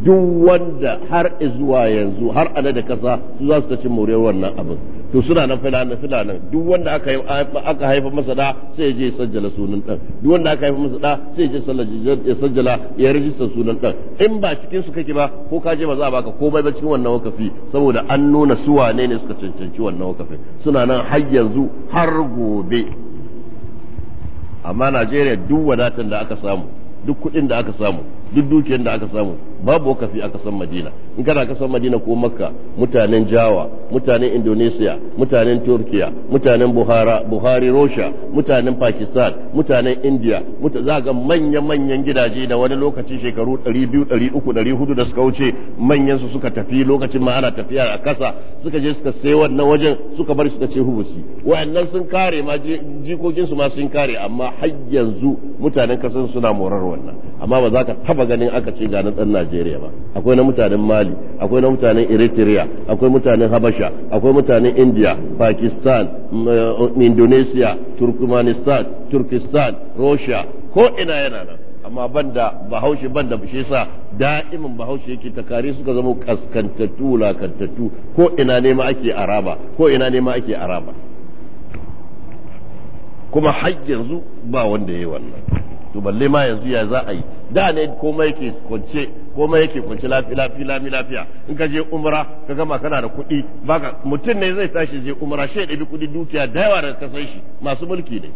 duk wanda har zuwa yanzu har ana da kasa su za su ta cin moriyar wannan abin to suna nan filanan filanan duk wanda aka aka haifa masa da sai je sajjala sunan dan duk wanda aka haifa masa da sai je ya sajjala ya rijista sunan dan in ba cikin su kake ba ko ka je ba za a baka komai ba cikin wannan wakafi saboda an nuna su wane ne suka cancanci wannan wakafi suna nan har yanzu har gobe amma Najeriya duk wadatan da aka samu duk kuɗin da aka samu duk dukiyar da aka samu babu wakafi a san madina in kana san madina ko makka mutanen jawa mutanen indonesia mutanen turkiya mutanen buhara buhari rosha mutanen pakistan mutanen india za ga manya-manyan gidaje da wani lokaci shekaru 200 300 400 da suka wuce manyan su suka tafi lokacin ma ana tafiya a kasa suka je suka sai wannan wajen suka bar suka ce hubusi wayannan sun kare ma jikokin su ma sun kare amma har yanzu mutanen kasan suna morar wannan amma ba za ka taba taba ganin aka ce ga na ɗan Najeriya ba akwai na mutanen Mali akwai na mutanen Eritrea akwai mutanen Habasha akwai mutanen India Pakistan eh, Indonesia Turkmenistan Turkistan Russia ko ina yana nan amma banda bahaushe banda shi sa da'imin bahaushe yake takari suka zama kaskantattu wulakantattu ko ina ne ma ake araba ko ina ne ma ake araba kuma har yanzu ba wanda ya yi wannan to balle ma yanzu ya za a yi da ne komai yake kwance komai yake kwance lafiya lafiya in ka je umra ka gama kana da kuɗi baka mutum ne zai tashi je umra shi ya ɗabi kuɗi dukiya da yawa daga kasan shi masu mulki ne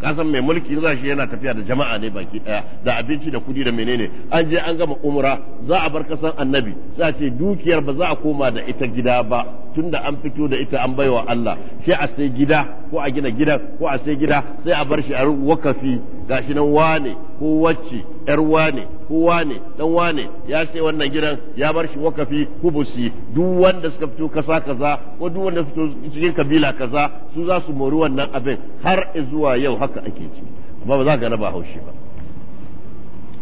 ka san mai mulki za shi yana tafiya da jama'a ne baki daya da abinci da kudi da menene an je an gama umra za a bar kasan annabi za ce dukiyar ba za a koma da ita gida ba tunda an fito da ita an baiwa Allah sai a sai gida ko a gina gidan ko a sai gida sai a bar shi a wakafi gashi nan wane ko wacce yar wane ko wane dan wane ya sai wannan gidan ya bar shi wakafi hubusi duk wanda suka fito kasa kaza ko duk wanda fito cikin kabila kaza su za su mori wannan abin har zuwa yau haka ake ci amma ba za ka raba haushi ba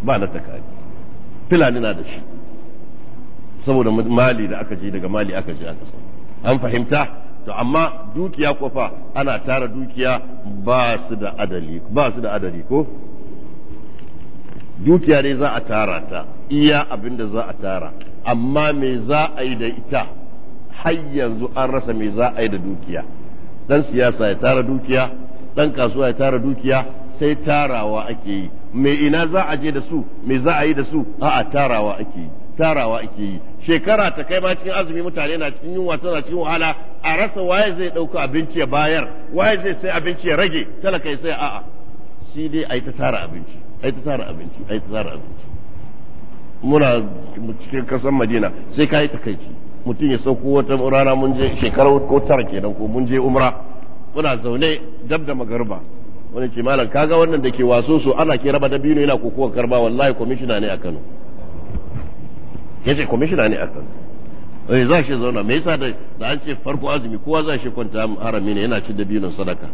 ba na takari filani na da shi saboda mali da aka je daga mali aka je aka samu an fahimta to amma dukiya kofa ana tara dukiya ba su da adali ba su da adali ko dukiya ne za a tara ta iya abin da za a tara amma me za a yi da ita har yanzu an rasa me za a yi da dukiya dan siyasa ya tara dukiya dan kasuwa ya tara dukiya sai tarawa ake yi me ina za a je da su me za a yi da su a'a tarawa ake yi tarawa ake yi shekara ta kai ma cikin azumi mutane na cikin yunwa tana cikin wahala a rasa waye zai ɗauka abinci ya bayar waye zai sai abinci ya rage talaka sai a'a shi dai a yi ta tara abinci ai ta tsara abinci ai ta tsara abinci muna cikin kasan madina sai ka yi takaici mutum ya sauko wata rana mun je shekarar ko tara kenan ko mun je umra muna zaune dab da magarba wani ce malam kaga wannan da ke waso su ana ke raba dabino yana kokowa karba wallahi kwamishina ne a Kano yace kwamishina ne a Kano wai eh, za shi zauna me yasa da an ce farko azumi kowa za shi kwanta harami ne yana cin dabinon sadaka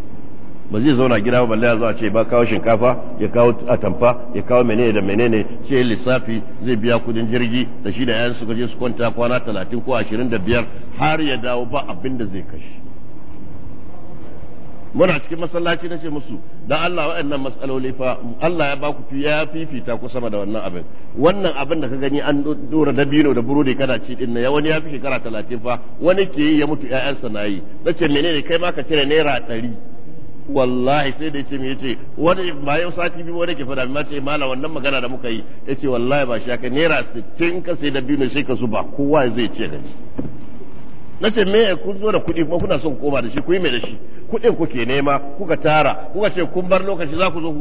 ba zai zauna gida ba balle ya zo a ce ba kawo shinkafa ya kawo atamfa ya kawo menene da menene ce lissafi zai biya kudin jirgi da shi da yayan su je su kwanta kwana talatin ko ashirin da biyar har ya dawo ba abin da zai kashi muna cikin masallaci na ce musu dan Allah waɗannan masaloli fa Allah ya ba ku ya fifita ku sama da wannan abin wannan abin da ka gani an dora dabino da burodi kana ci din ya wani ya fi shekara talatin fa wani ke yi ya mutu ƴaƴansa na yi nace menene kai ma ka cire naira ɗari wallahi sai da yace me yace wani ba yau sati biyu wani ke fada amma ce mala wannan magana da muka yi yace wallahi ba shi haka naira 60 ka sai da biyu ne shi ka ba kowa zai ce da shi na ce me kun zo da kuɗi kuma kuna son koma da shi ku yi mai da shi kuɗin kuke nema kuka tara kuka ce kun bar lokaci za ku zo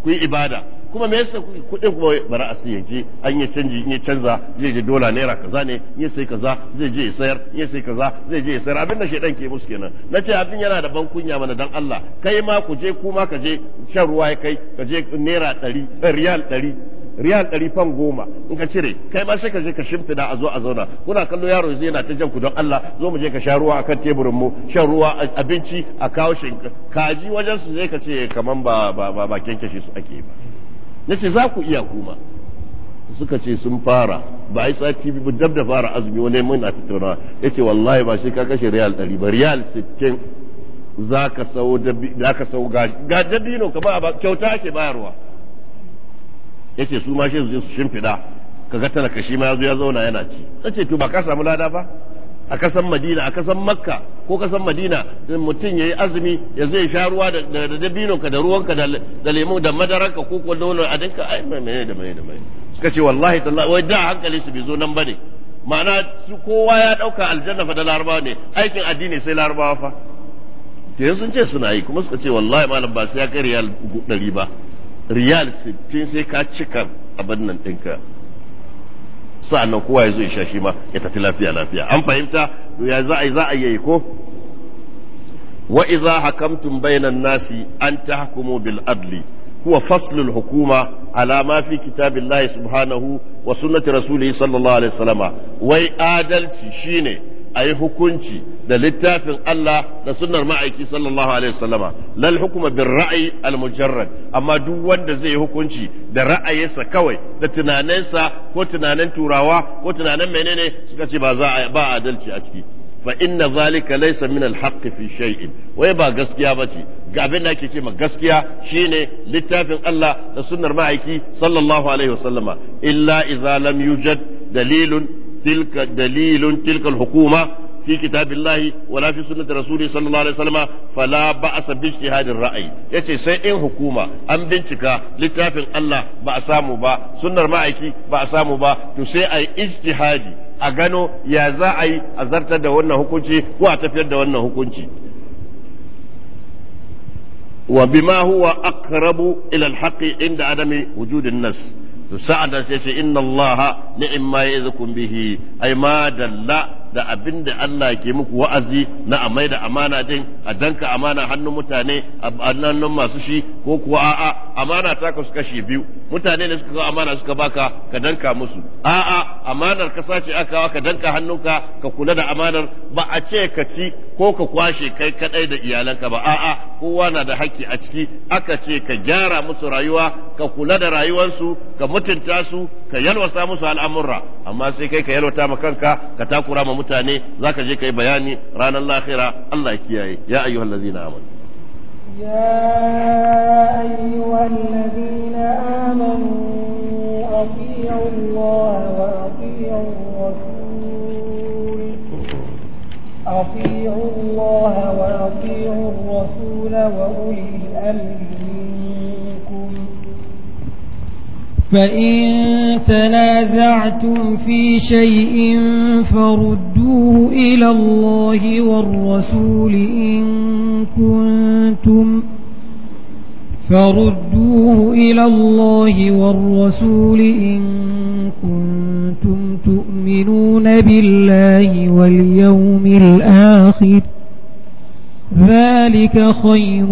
ku yi ibada kuma me yasa kuɗin kuma bara a sai yanke an yi canji in ya canza zai je dola naira kaza ne in ya sai kaza zai je ya sayar in ya sai kaza zai je ya sayar abin da shedan ke musu kenan na ce abin yana da ban kunya mana dan Allah kai ma ku je kuma ka je shan ruwa kai ka je naira ɗari eh, riyal ɗari riyal ɗari fan goma in ka cire kai ma sai ka je ka shimfida a zo a zauna kuna kallo yaro zai yana ta jan ku don Allah zo mu je ka sha ruwa akan teburin mu shan ruwa abinci a kawo kaji wajen su zai ka ce kaman ba ba ba kyankyashe su ake ba nace za ku iya kuma suka ce sun fara ba ai sati bi dab da fara azumi wani mun na ya yace wallahi ba shi ka kashe riyal 100 ba riyal 60 zaka sau da ka sau ga ga dabino ka ba kyauta ake bayarwa yace su ma shi su su shimfida kaga talaka shi ma yazo ya zauna yana ci sace to ba ka samu lada ba a kasan madina a kasan makka ko kasan madina mutum ya yi azumi ya zo ya sha ruwa da dabinonka da ruwanka da lemu da madaranka ko kuwa nono a dinka ai mai mai da mai da mai suka ce wallahi tallahi wai da hankali su bai zo nan bane ma'ana su kowa ya dauka aljanna fa da larabawa ne aikin addini sai larabawa fa to sun ce suna yi kuma suka ce wallahi malam ba sai ya kai riyal 100 ba riyal 60 sai ka cika abin nan ɗinka sa'annan kowa ya zo ya sha shi ma ya tafi lafiya lafiya an fahimta ya za a yi za a yi ko wa idza hakamtum bainan nasi an tahkumu bil adli huwa faslul hukuma ala ma fi kitabillahi subhanahu wa sunnati rasulihi sallallahu alaihi wasallama wai adalci shine a yi hukunci da littafin Allah da sunnar ma'aiki sallallahu alaihi wasallama lal hukuma bin ra'ayi al-mujarrad amma duk wanda zai yi hukunci da ra'ayinsa kawai da tunaninsa ko tunanin turawa ko tunanin menene suka ce ba za a ba adalci a ciki fa inna zalika laysa min al-haqq fi shay'in wai ba gaskiya bace ga abin da ake ce ma gaskiya shine littafin Allah da sunnar ma'aiki sallallahu alaihi wasallama illa idza lam yujad dalilun تلك دليل تلك الحكومة في كتاب الله ولا في سنة رسوله صلى الله عليه وسلم فلا بأس باجتهاد الرأي yace sai in hukuma an bincika littafin Allah ba a samu ba sunnar ma'aiki ba a samu ba to sai a yi ijtihadi a gano ya za a yi a zartar da wannan hukunci ko a tafiyar da wannan hukunci wa bima huwa aqrabu ila al-haqqi inda adami wujudin nas to sa'ad da sai ce inna allaha ni'ma yazukum bihi ai ma dalla da abin da Allah ke muku wa'azi na a da amana din a danka amana hannun mutane a hannun masu shi ko kuwa a'a amana ta kasu kashe biyu mutane da suka amana suka baka ka danka musu a'a amanar ka sace aka ka danka hannunka ka kula da amanar ba a ce ka ci ko ka kwashe kai kadai da iyalanka ba a'a kowa na da haƙƙi a ciki aka ce ka gyara musu rayuwa ka kula da rayuwarsu ka mutunta su ka yalwasa musu al'amurra amma sai kai ka yalwata ma kanka ka takura ma mutane mutane zaka je kai bayani ranar lahira Allah ya kiyaye ya ayyuhal ladzina amanu ya ayyuhal ladzina amanu atii'u Allah wa atii'u rasul atii'u Allah wa atii'u rasul wa ulil amri فإن تنازعتم في شيء فردوه إلى الله والرسول إن كنتم فردوه إلى الله والرسول إن كنتم تؤمنون بالله واليوم الآخر ذلك خير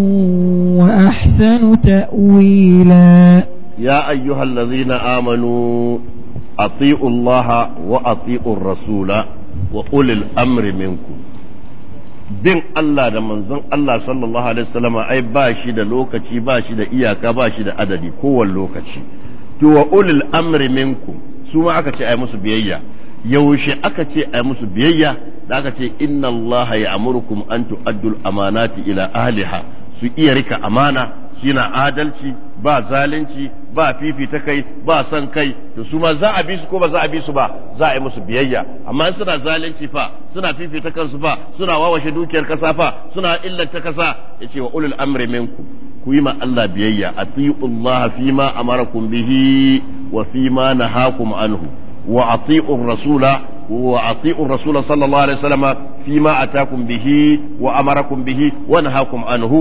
وأحسن تأويلاً يا أيها الذين آمنوا أطيعوا الله وأطيعوا الرسول وأولي الأمر منكم bin Allah da manzon Allah sallallahu alaihi wasallama ai ba shi da lokaci ba shi da iyaka ba shi da adadi kowane lokaci to wa ulil amri minkum su ma aka ce ai musu biyayya yaushe aka ce ai musu biyayya da aka ce inna Allah ya'murukum an tu'addul amanati ila ahliha su iya rika amana na adalci ba zalunci ba fifita kai ba san kai to su ma za a bi su ko ba za a bi su ba za a yi musu biyayya amma suna zalunci fa suna fifita kansu fa suna wawashe dukiyar kasa fa suna illata kasa yace wa ulul amri minku ku yi ma Allah biyayya allah fi atiullaha fima amarakum bihi wa fi fima nahakum anhu wa atiur rasula sallallahu wa وأطيعوا الرسول صلى الله عليه bihi wa أتاكم به وأمركم به ونهاكم عنه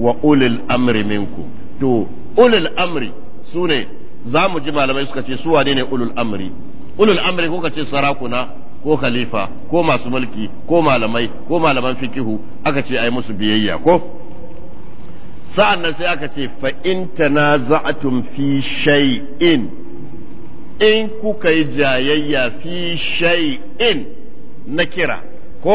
وأولي الأمر منكم تو أولي الأمر su ne za mu ji malamai suka ce su wane ne ulul amri ulul amri ko ka ce sarakuna ko khalifa ko masu mulki ko malamai ko malaman fikihu aka ce ai musu biyayya ko sa'an sai aka ce fa in tanaza'tum fi shay'in in kuka yi jayayya fi shay'in na kira ko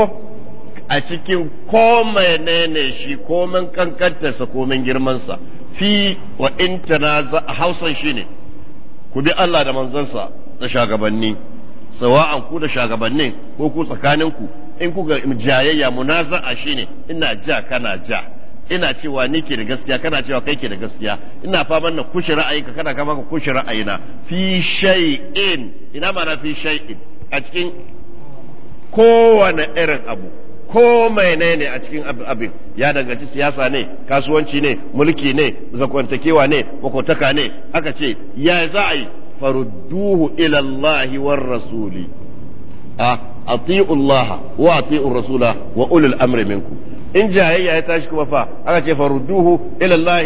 a cikin ko menene shi komin kankantarsa komin girmansa fi wa in a hausan shine ku bi Allah da manzansa da shagabanni sawa'an ku da shagabannin ko ku tsakaninku in kuka jayayya munaza'a shine ina ja kana ja ina cewa ni ke da gaskiya kana cewa kai ke da gaskiya ina faman na kushe ka kana kama ka kushe na fi shay'in ina ma na fi shay'in a cikin kowane irin abu ko ne a cikin abin ya danganci siyasa ne kasuwanci ne mulki ne zakwantakewa ne makotaka ne aka ce ya za a yi farudduhu ila Allah war rasuli a ati'u Allah wa ati'u rasula wa ulul amri minku in jayayya ya tashi kuma fa aka ce farudduhu ila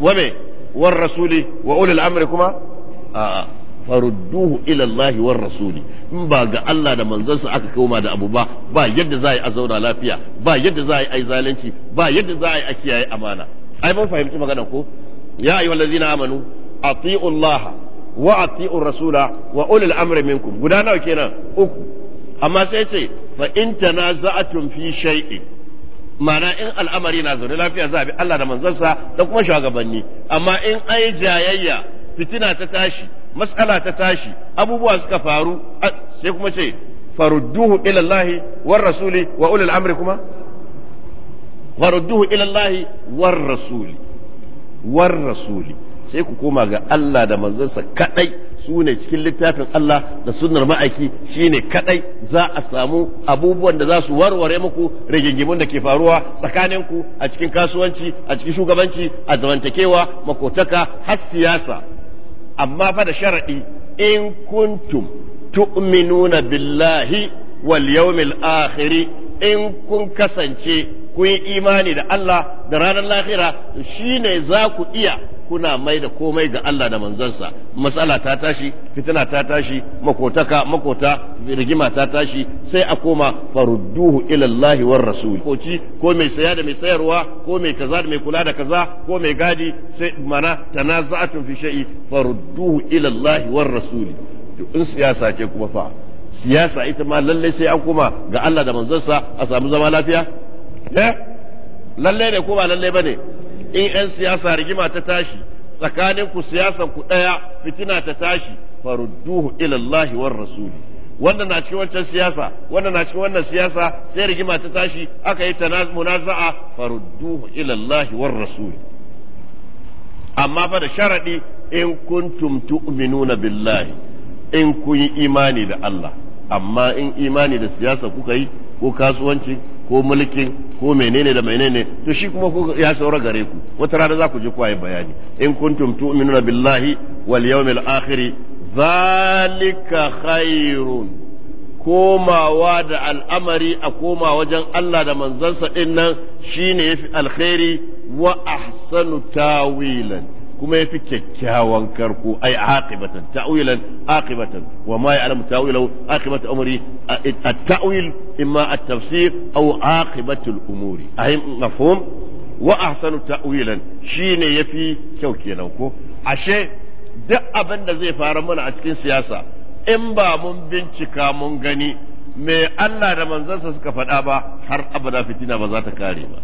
wa me war rasuli wa ulul amri kuma a'a farudduhu ila Allah war rasuli in ba ga Allah da manzansa aka koma da abu ba ba yadda za a yi a zauna lafiya ba yadda za a yi zalunci ba yadda za a yi a kiyaye amana ai ban fahimci magana ko ya ayu allazina amanu ati'u Allah wa ati'u rasula wa ulil amri minkum guda nawa kenan uku amma sai ce fa in tanaza'tum fi shay'in ma'ana in al'amari na zaune lafiya za a bi Allah da manzansa da kuma shugabanni amma in ai jayayya fitina ta tashi mas'ala ta tashi abubuwa suka faru sai kuma ce farudduhu ila Allah war rasuli wa ulul amri kuma farudduhu ila Allah war rasuli war rasuli sai ku koma ga Allah da manzonsa kadai su ne cikin littafin Allah da sunnar ma'aiki shine kadai za a samu abubuwan da za su warware muku rigingimun da ke faruwa tsakaninku a cikin kasuwanci a cikin shugabanci a zamantakewa makotaka har siyasa amma fa da sharaɗi in kuntum tu'minuna billahi wal yawmil akhiri in kun kasance kun yi imani da Allah da ranar lahira shi ne za ku iya kuna mai da komai ga Allah da manzansa matsala ta tashi fitina ta tashi makotaka makota rigima ta tashi sai a koma farudduhu ila Allah war rasul ci ko mai saya da mai sayarwa ko mai kaza da mai kula da kaza ko mai gadi sai mana tanaza'atun fi shay'i farudduhu ila Allah war rasul in siyasa ce kuma fa siyasa ita ma lallai sai an kuma ga Allah da manzansa a samu zama lafiya eh lallai ne ko ba lallai bane in 'yan siyasa rigima ta tashi tsakanin ku siyasan ku ɗaya fitina ta tashi farudduhu ila Allah war rasuli wannan na cikin wancan siyasa wannan na cikin wannan siyasa sai rigima ta tashi aka yi ta munaza'a farudduhu ila Allah war rasuli amma fa da sharadi in kuntum tu'minuna billahi in kun yi imani da Allah amma in imani da siyasa kuka yi ko kasuwanci ko mulkin ko menene da menene to shi kuma ya saura gare ku wata rana za ku je ayi bayani in kuntum tu'minuna billahi wal yawmil akhiri. zalika khairun komawa da al'amari a koma wajen Allah da manzansa din nan shine yafi alkhairi wa ahsanu tawilan kuma yafi kyakkyawan karko ai aqibatan ta'wilan aqibatan wa ma ya'lamu ta'wilahu aqibatu amri at-ta'wil imma at-tafsir aw aqibatu al-umuri ahim mafhum wa ahsanu ta'wilan shine yafi kyau kenan ko ashe duk abin da zai fara mana a cikin siyasa in ba mun bincika mun gani me Allah da manzansa suka faɗa ba har abada fitina ba za ta kare ba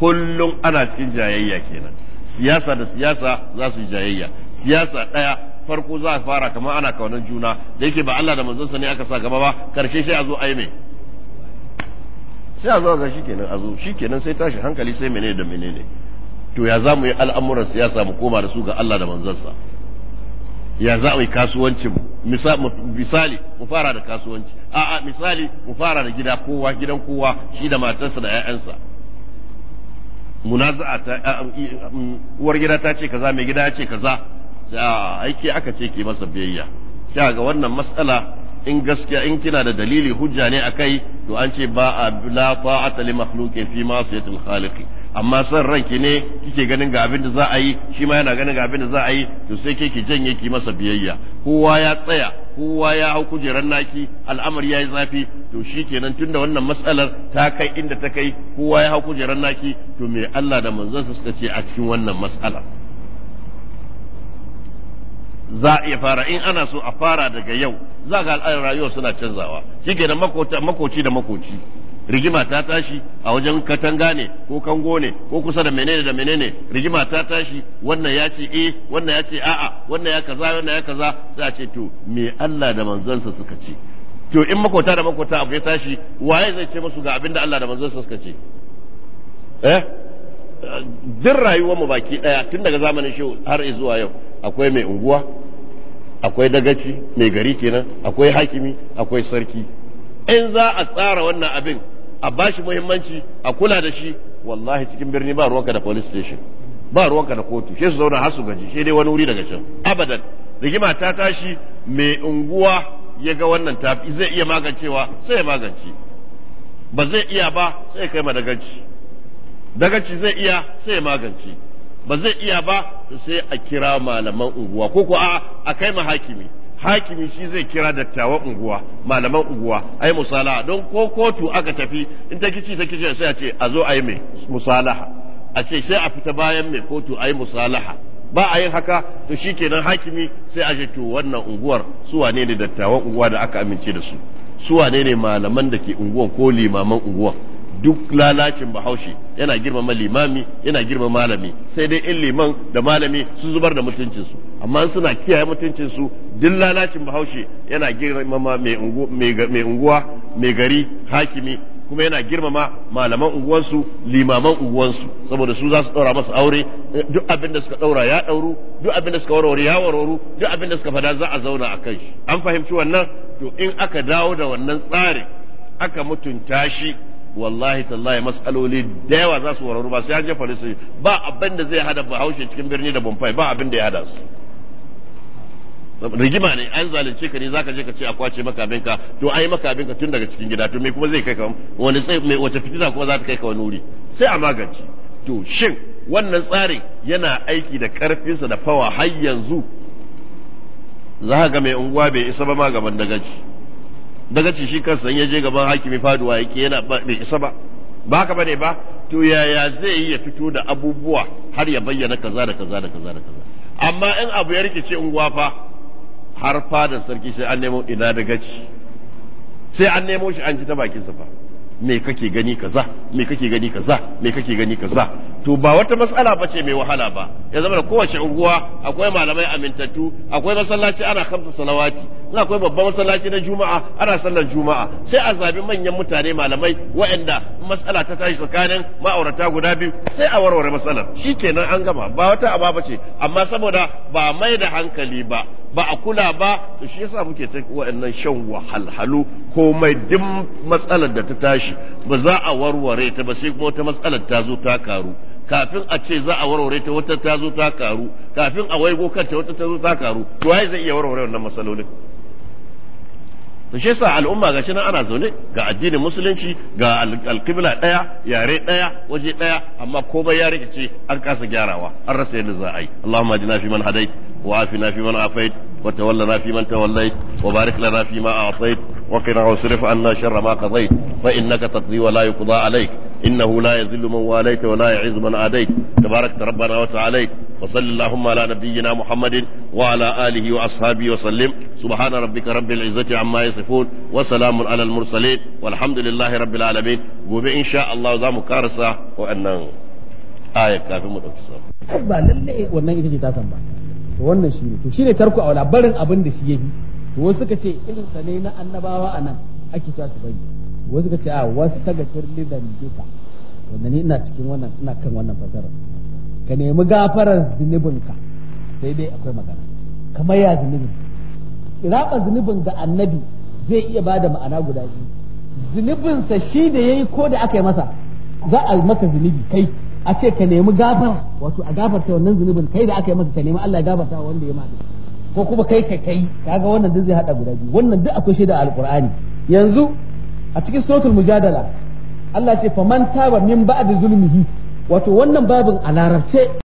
kullum ana cikin jayayya kenan siyasa da siyasa za su yi jayayya siyasa ɗaya farko za a fara kamar ana kaunan juna da yake ba Allah da manzonsa ne aka sa gaba ba karshe sai a zo ai mai sai a zo ga shikenan a zo shikenan sai tashi hankali sai menene da menene to ya za mu yi al'amuran siyasa mu koma da su ga Allah da manzonsa ya za mu yi kasuwanci misali mu fara da kasuwanci a'a misali mu fara da gida kowa gidan kowa shi da matarsa da 'ya'yansa munaza'a ta um, uwar gida ta ce kaza mai gida ya ce kaza aiki aka ce ki masa biyayya sha ga wannan matsala in gaskiya in kina da dalili hujja ne akai to an ce ba a la ta'ata li makhluqin fi ma'siyatil khaliqi amma san ranki ne kike ganin ga abin da za a yi shi ma yana ganin ga abin da za a yi to sai ke ki janye ki masa biyayya kowa ya tsaya kowa ya hau kujeran naki al'amari yayi zafi to shi shikenan tunda wannan matsalar ta kai inda ta kai kowa ya hau kujeran naki to me Allah da manzon suka ce a cikin wannan matsalar za a iya fara in ana so a fara daga yau za ga al'adar rayuwar suna canzawa shi ke da makoci da makoci rigima ta tashi a wajen katanga ne ko kango ne ko kusa da menene da menene rigima ta tashi wannan ya ce eh wannan ya ce a'a wannan ya kaza wannan ya kaza za a ce to me Allah da manzansa suka ce to in makota da makota abu ya tashi waye zai ce musu ga abin da Allah da manzansa suka ce eh rayuwar mu baki daya tun daga zamanin shehu har zuwa yau akwai mai unguwa akwai dagaci mai gari kenan akwai hakimi akwai sarki in za a tsara wannan abin a bashi muhimmanci a kula da shi wallahi cikin birni ba ruwanka da police station ba ruwanka da kotu shi su zauna har su gaji shi dai wani wuri daga can abadan rigima ta tashi mai unguwa ya ga wannan tafi zai iya magancewa sai ya magance ba zai iya ba sai kai madaganci dagaci zai iya sai magance ba zai iya ba sai a kira malaman unguwa ko ko a a kai ma hakimi hakimi shi zai kira dattawan unguwa malaman unguwa ai musalaha don ko kotu aka tafi in ta kici ta kici sai a ce a zo a yi mai musalaha a ce sai a fita bayan mai kotu ai musalaha ba a yin haka to shi kenan hakimi sai a ce to wannan unguwar su wane ne dattawan unguwa da aka amince da su su wane ne malaman da ke unguwan ko limaman unguwan duk lalacin bahaushe yana girmama limami yana girmama malami sai dai in liman da malami su zubar da mutuncinsu amma suna kiyaye mutuncinsu duk lalacin bahaushe yana girmama mai unguwa mai gari hakimi kuma yana girmama malaman unguwansu limaman unguwansu saboda su za su daura masa aure duk abin da suka daura ya dauru duk abin da suka warware ya warwaru duk abin da suka fada za a zauna a kai an fahimci wannan to in aka dawo da wannan tsarin aka mutunta shi wallahi tallahi mas'aloli da yawa za su wararu ba sai an jefa su ba abin da zai hada bahaushe cikin birni da bumfai ba abin da ya hada su rigima ne an zalunce ka ne zaka je ka ce a kwace maka abinka to ai maka abinka tun daga cikin gida to me kuma zai kai ka wani tsaye mai wata fitina kuma za ta kai ka wani wuri sai a magance to shin wannan tsarin yana aiki da karfinsa da fawa har yanzu za ga mai unguwa bai isa ba ma gaban dagaci daga ci shi kansa ya je gaban hakimi faduwa yake yana bai isa ba ba haka bane ba to yaya zai yi ya fito da abubuwa har ya bayyana kaza da kaza da kaza da kaza amma in abu ya rikice unguwa fa har fadar sarki sai an nemo ina da gaci sai an nemo shi an ji ta bakin sa fa me kake gani kaza me kake gani kaza me gani kaza to ba wata matsala ba ce mai wahala ba ya zama da kowace unguwa akwai malamai amintattu akwai masallaci ana kamsa salawati in akwai babban masallaci na juma'a ana sallar juma'a sai a zabi manyan mutane malamai waɗanda matsala ta tashi tsakanin ma'aurata guda biyu sai a warware matsalar shikenan an gama ba wata aba ba ce amma saboda ba mai da hankali ba ba a kula ba to shi yasa muke ta waɗannan shan wahalhalu mai duk matsalar da ta tashi ba za a warware ta ba sai kuma wata matsalar ta zo ta karu kafin a ce za a warware ta wata ta zo ta karu kafin a waigo kanta wata ta zo ta karu to ai zai iya warware wannan matsalolin to shi yasa al'umma gashi nan ana zaune ga addinin musulunci ga alƙibla ɗaya yare ɗaya waje ɗaya amma komai ya rikice an kasa gyarawa an rasa yadda za a yi Allahumma ajina fi man hadayt وعافنا فيمن عافيت وتولنا فيمن توليت وبارك لنا فيما أعطيت وقنا واصرف عنا شر ما قضيت فإنك تقضي ولا يقضى عليك إنه لا يذل من واليت ولا يعز من عاديت تبارك ربنا وتعاليت وصل اللهم على نبينا محمد وعلى آله وأصحابه وسلم سبحان ربك رب العزة عما يصفون وسلام على المرسلين والحمد لله رب العالمين وبإن شاء الله ذا مكارسة وأنه آية كافي مدفسة ba lallai wannan ita ce ta san ba to wannan shi ne to shine tarku aula barin abin da shi yafi to wasu suka ce irin sa ne na annabawa anan ake ta su bari wasu suka ce a wasu ta firli da duka wanda ni ina cikin wannan ina kan wannan fasara ka nemi gafarar ka sai dai akwai magana kamar ya zunubi raba zunubin ga annabi zai iya bada ma'ana guda biyu sa shi da yayi ko da aka yi masa za a maka zunubi kai a ce ka nemi gafara wato a gafarta wannan zunubin kai da aka yi maka ka nemi Allah ya gafarta wanda ya maka ko kuma kai ka kai kaga wannan duk zai hada guda biyu wannan duk akwai shaida alqur'ani yanzu a cikin suratul mujadala Allah ce faman taba min ba'di zulmihi wato wannan babin a larabce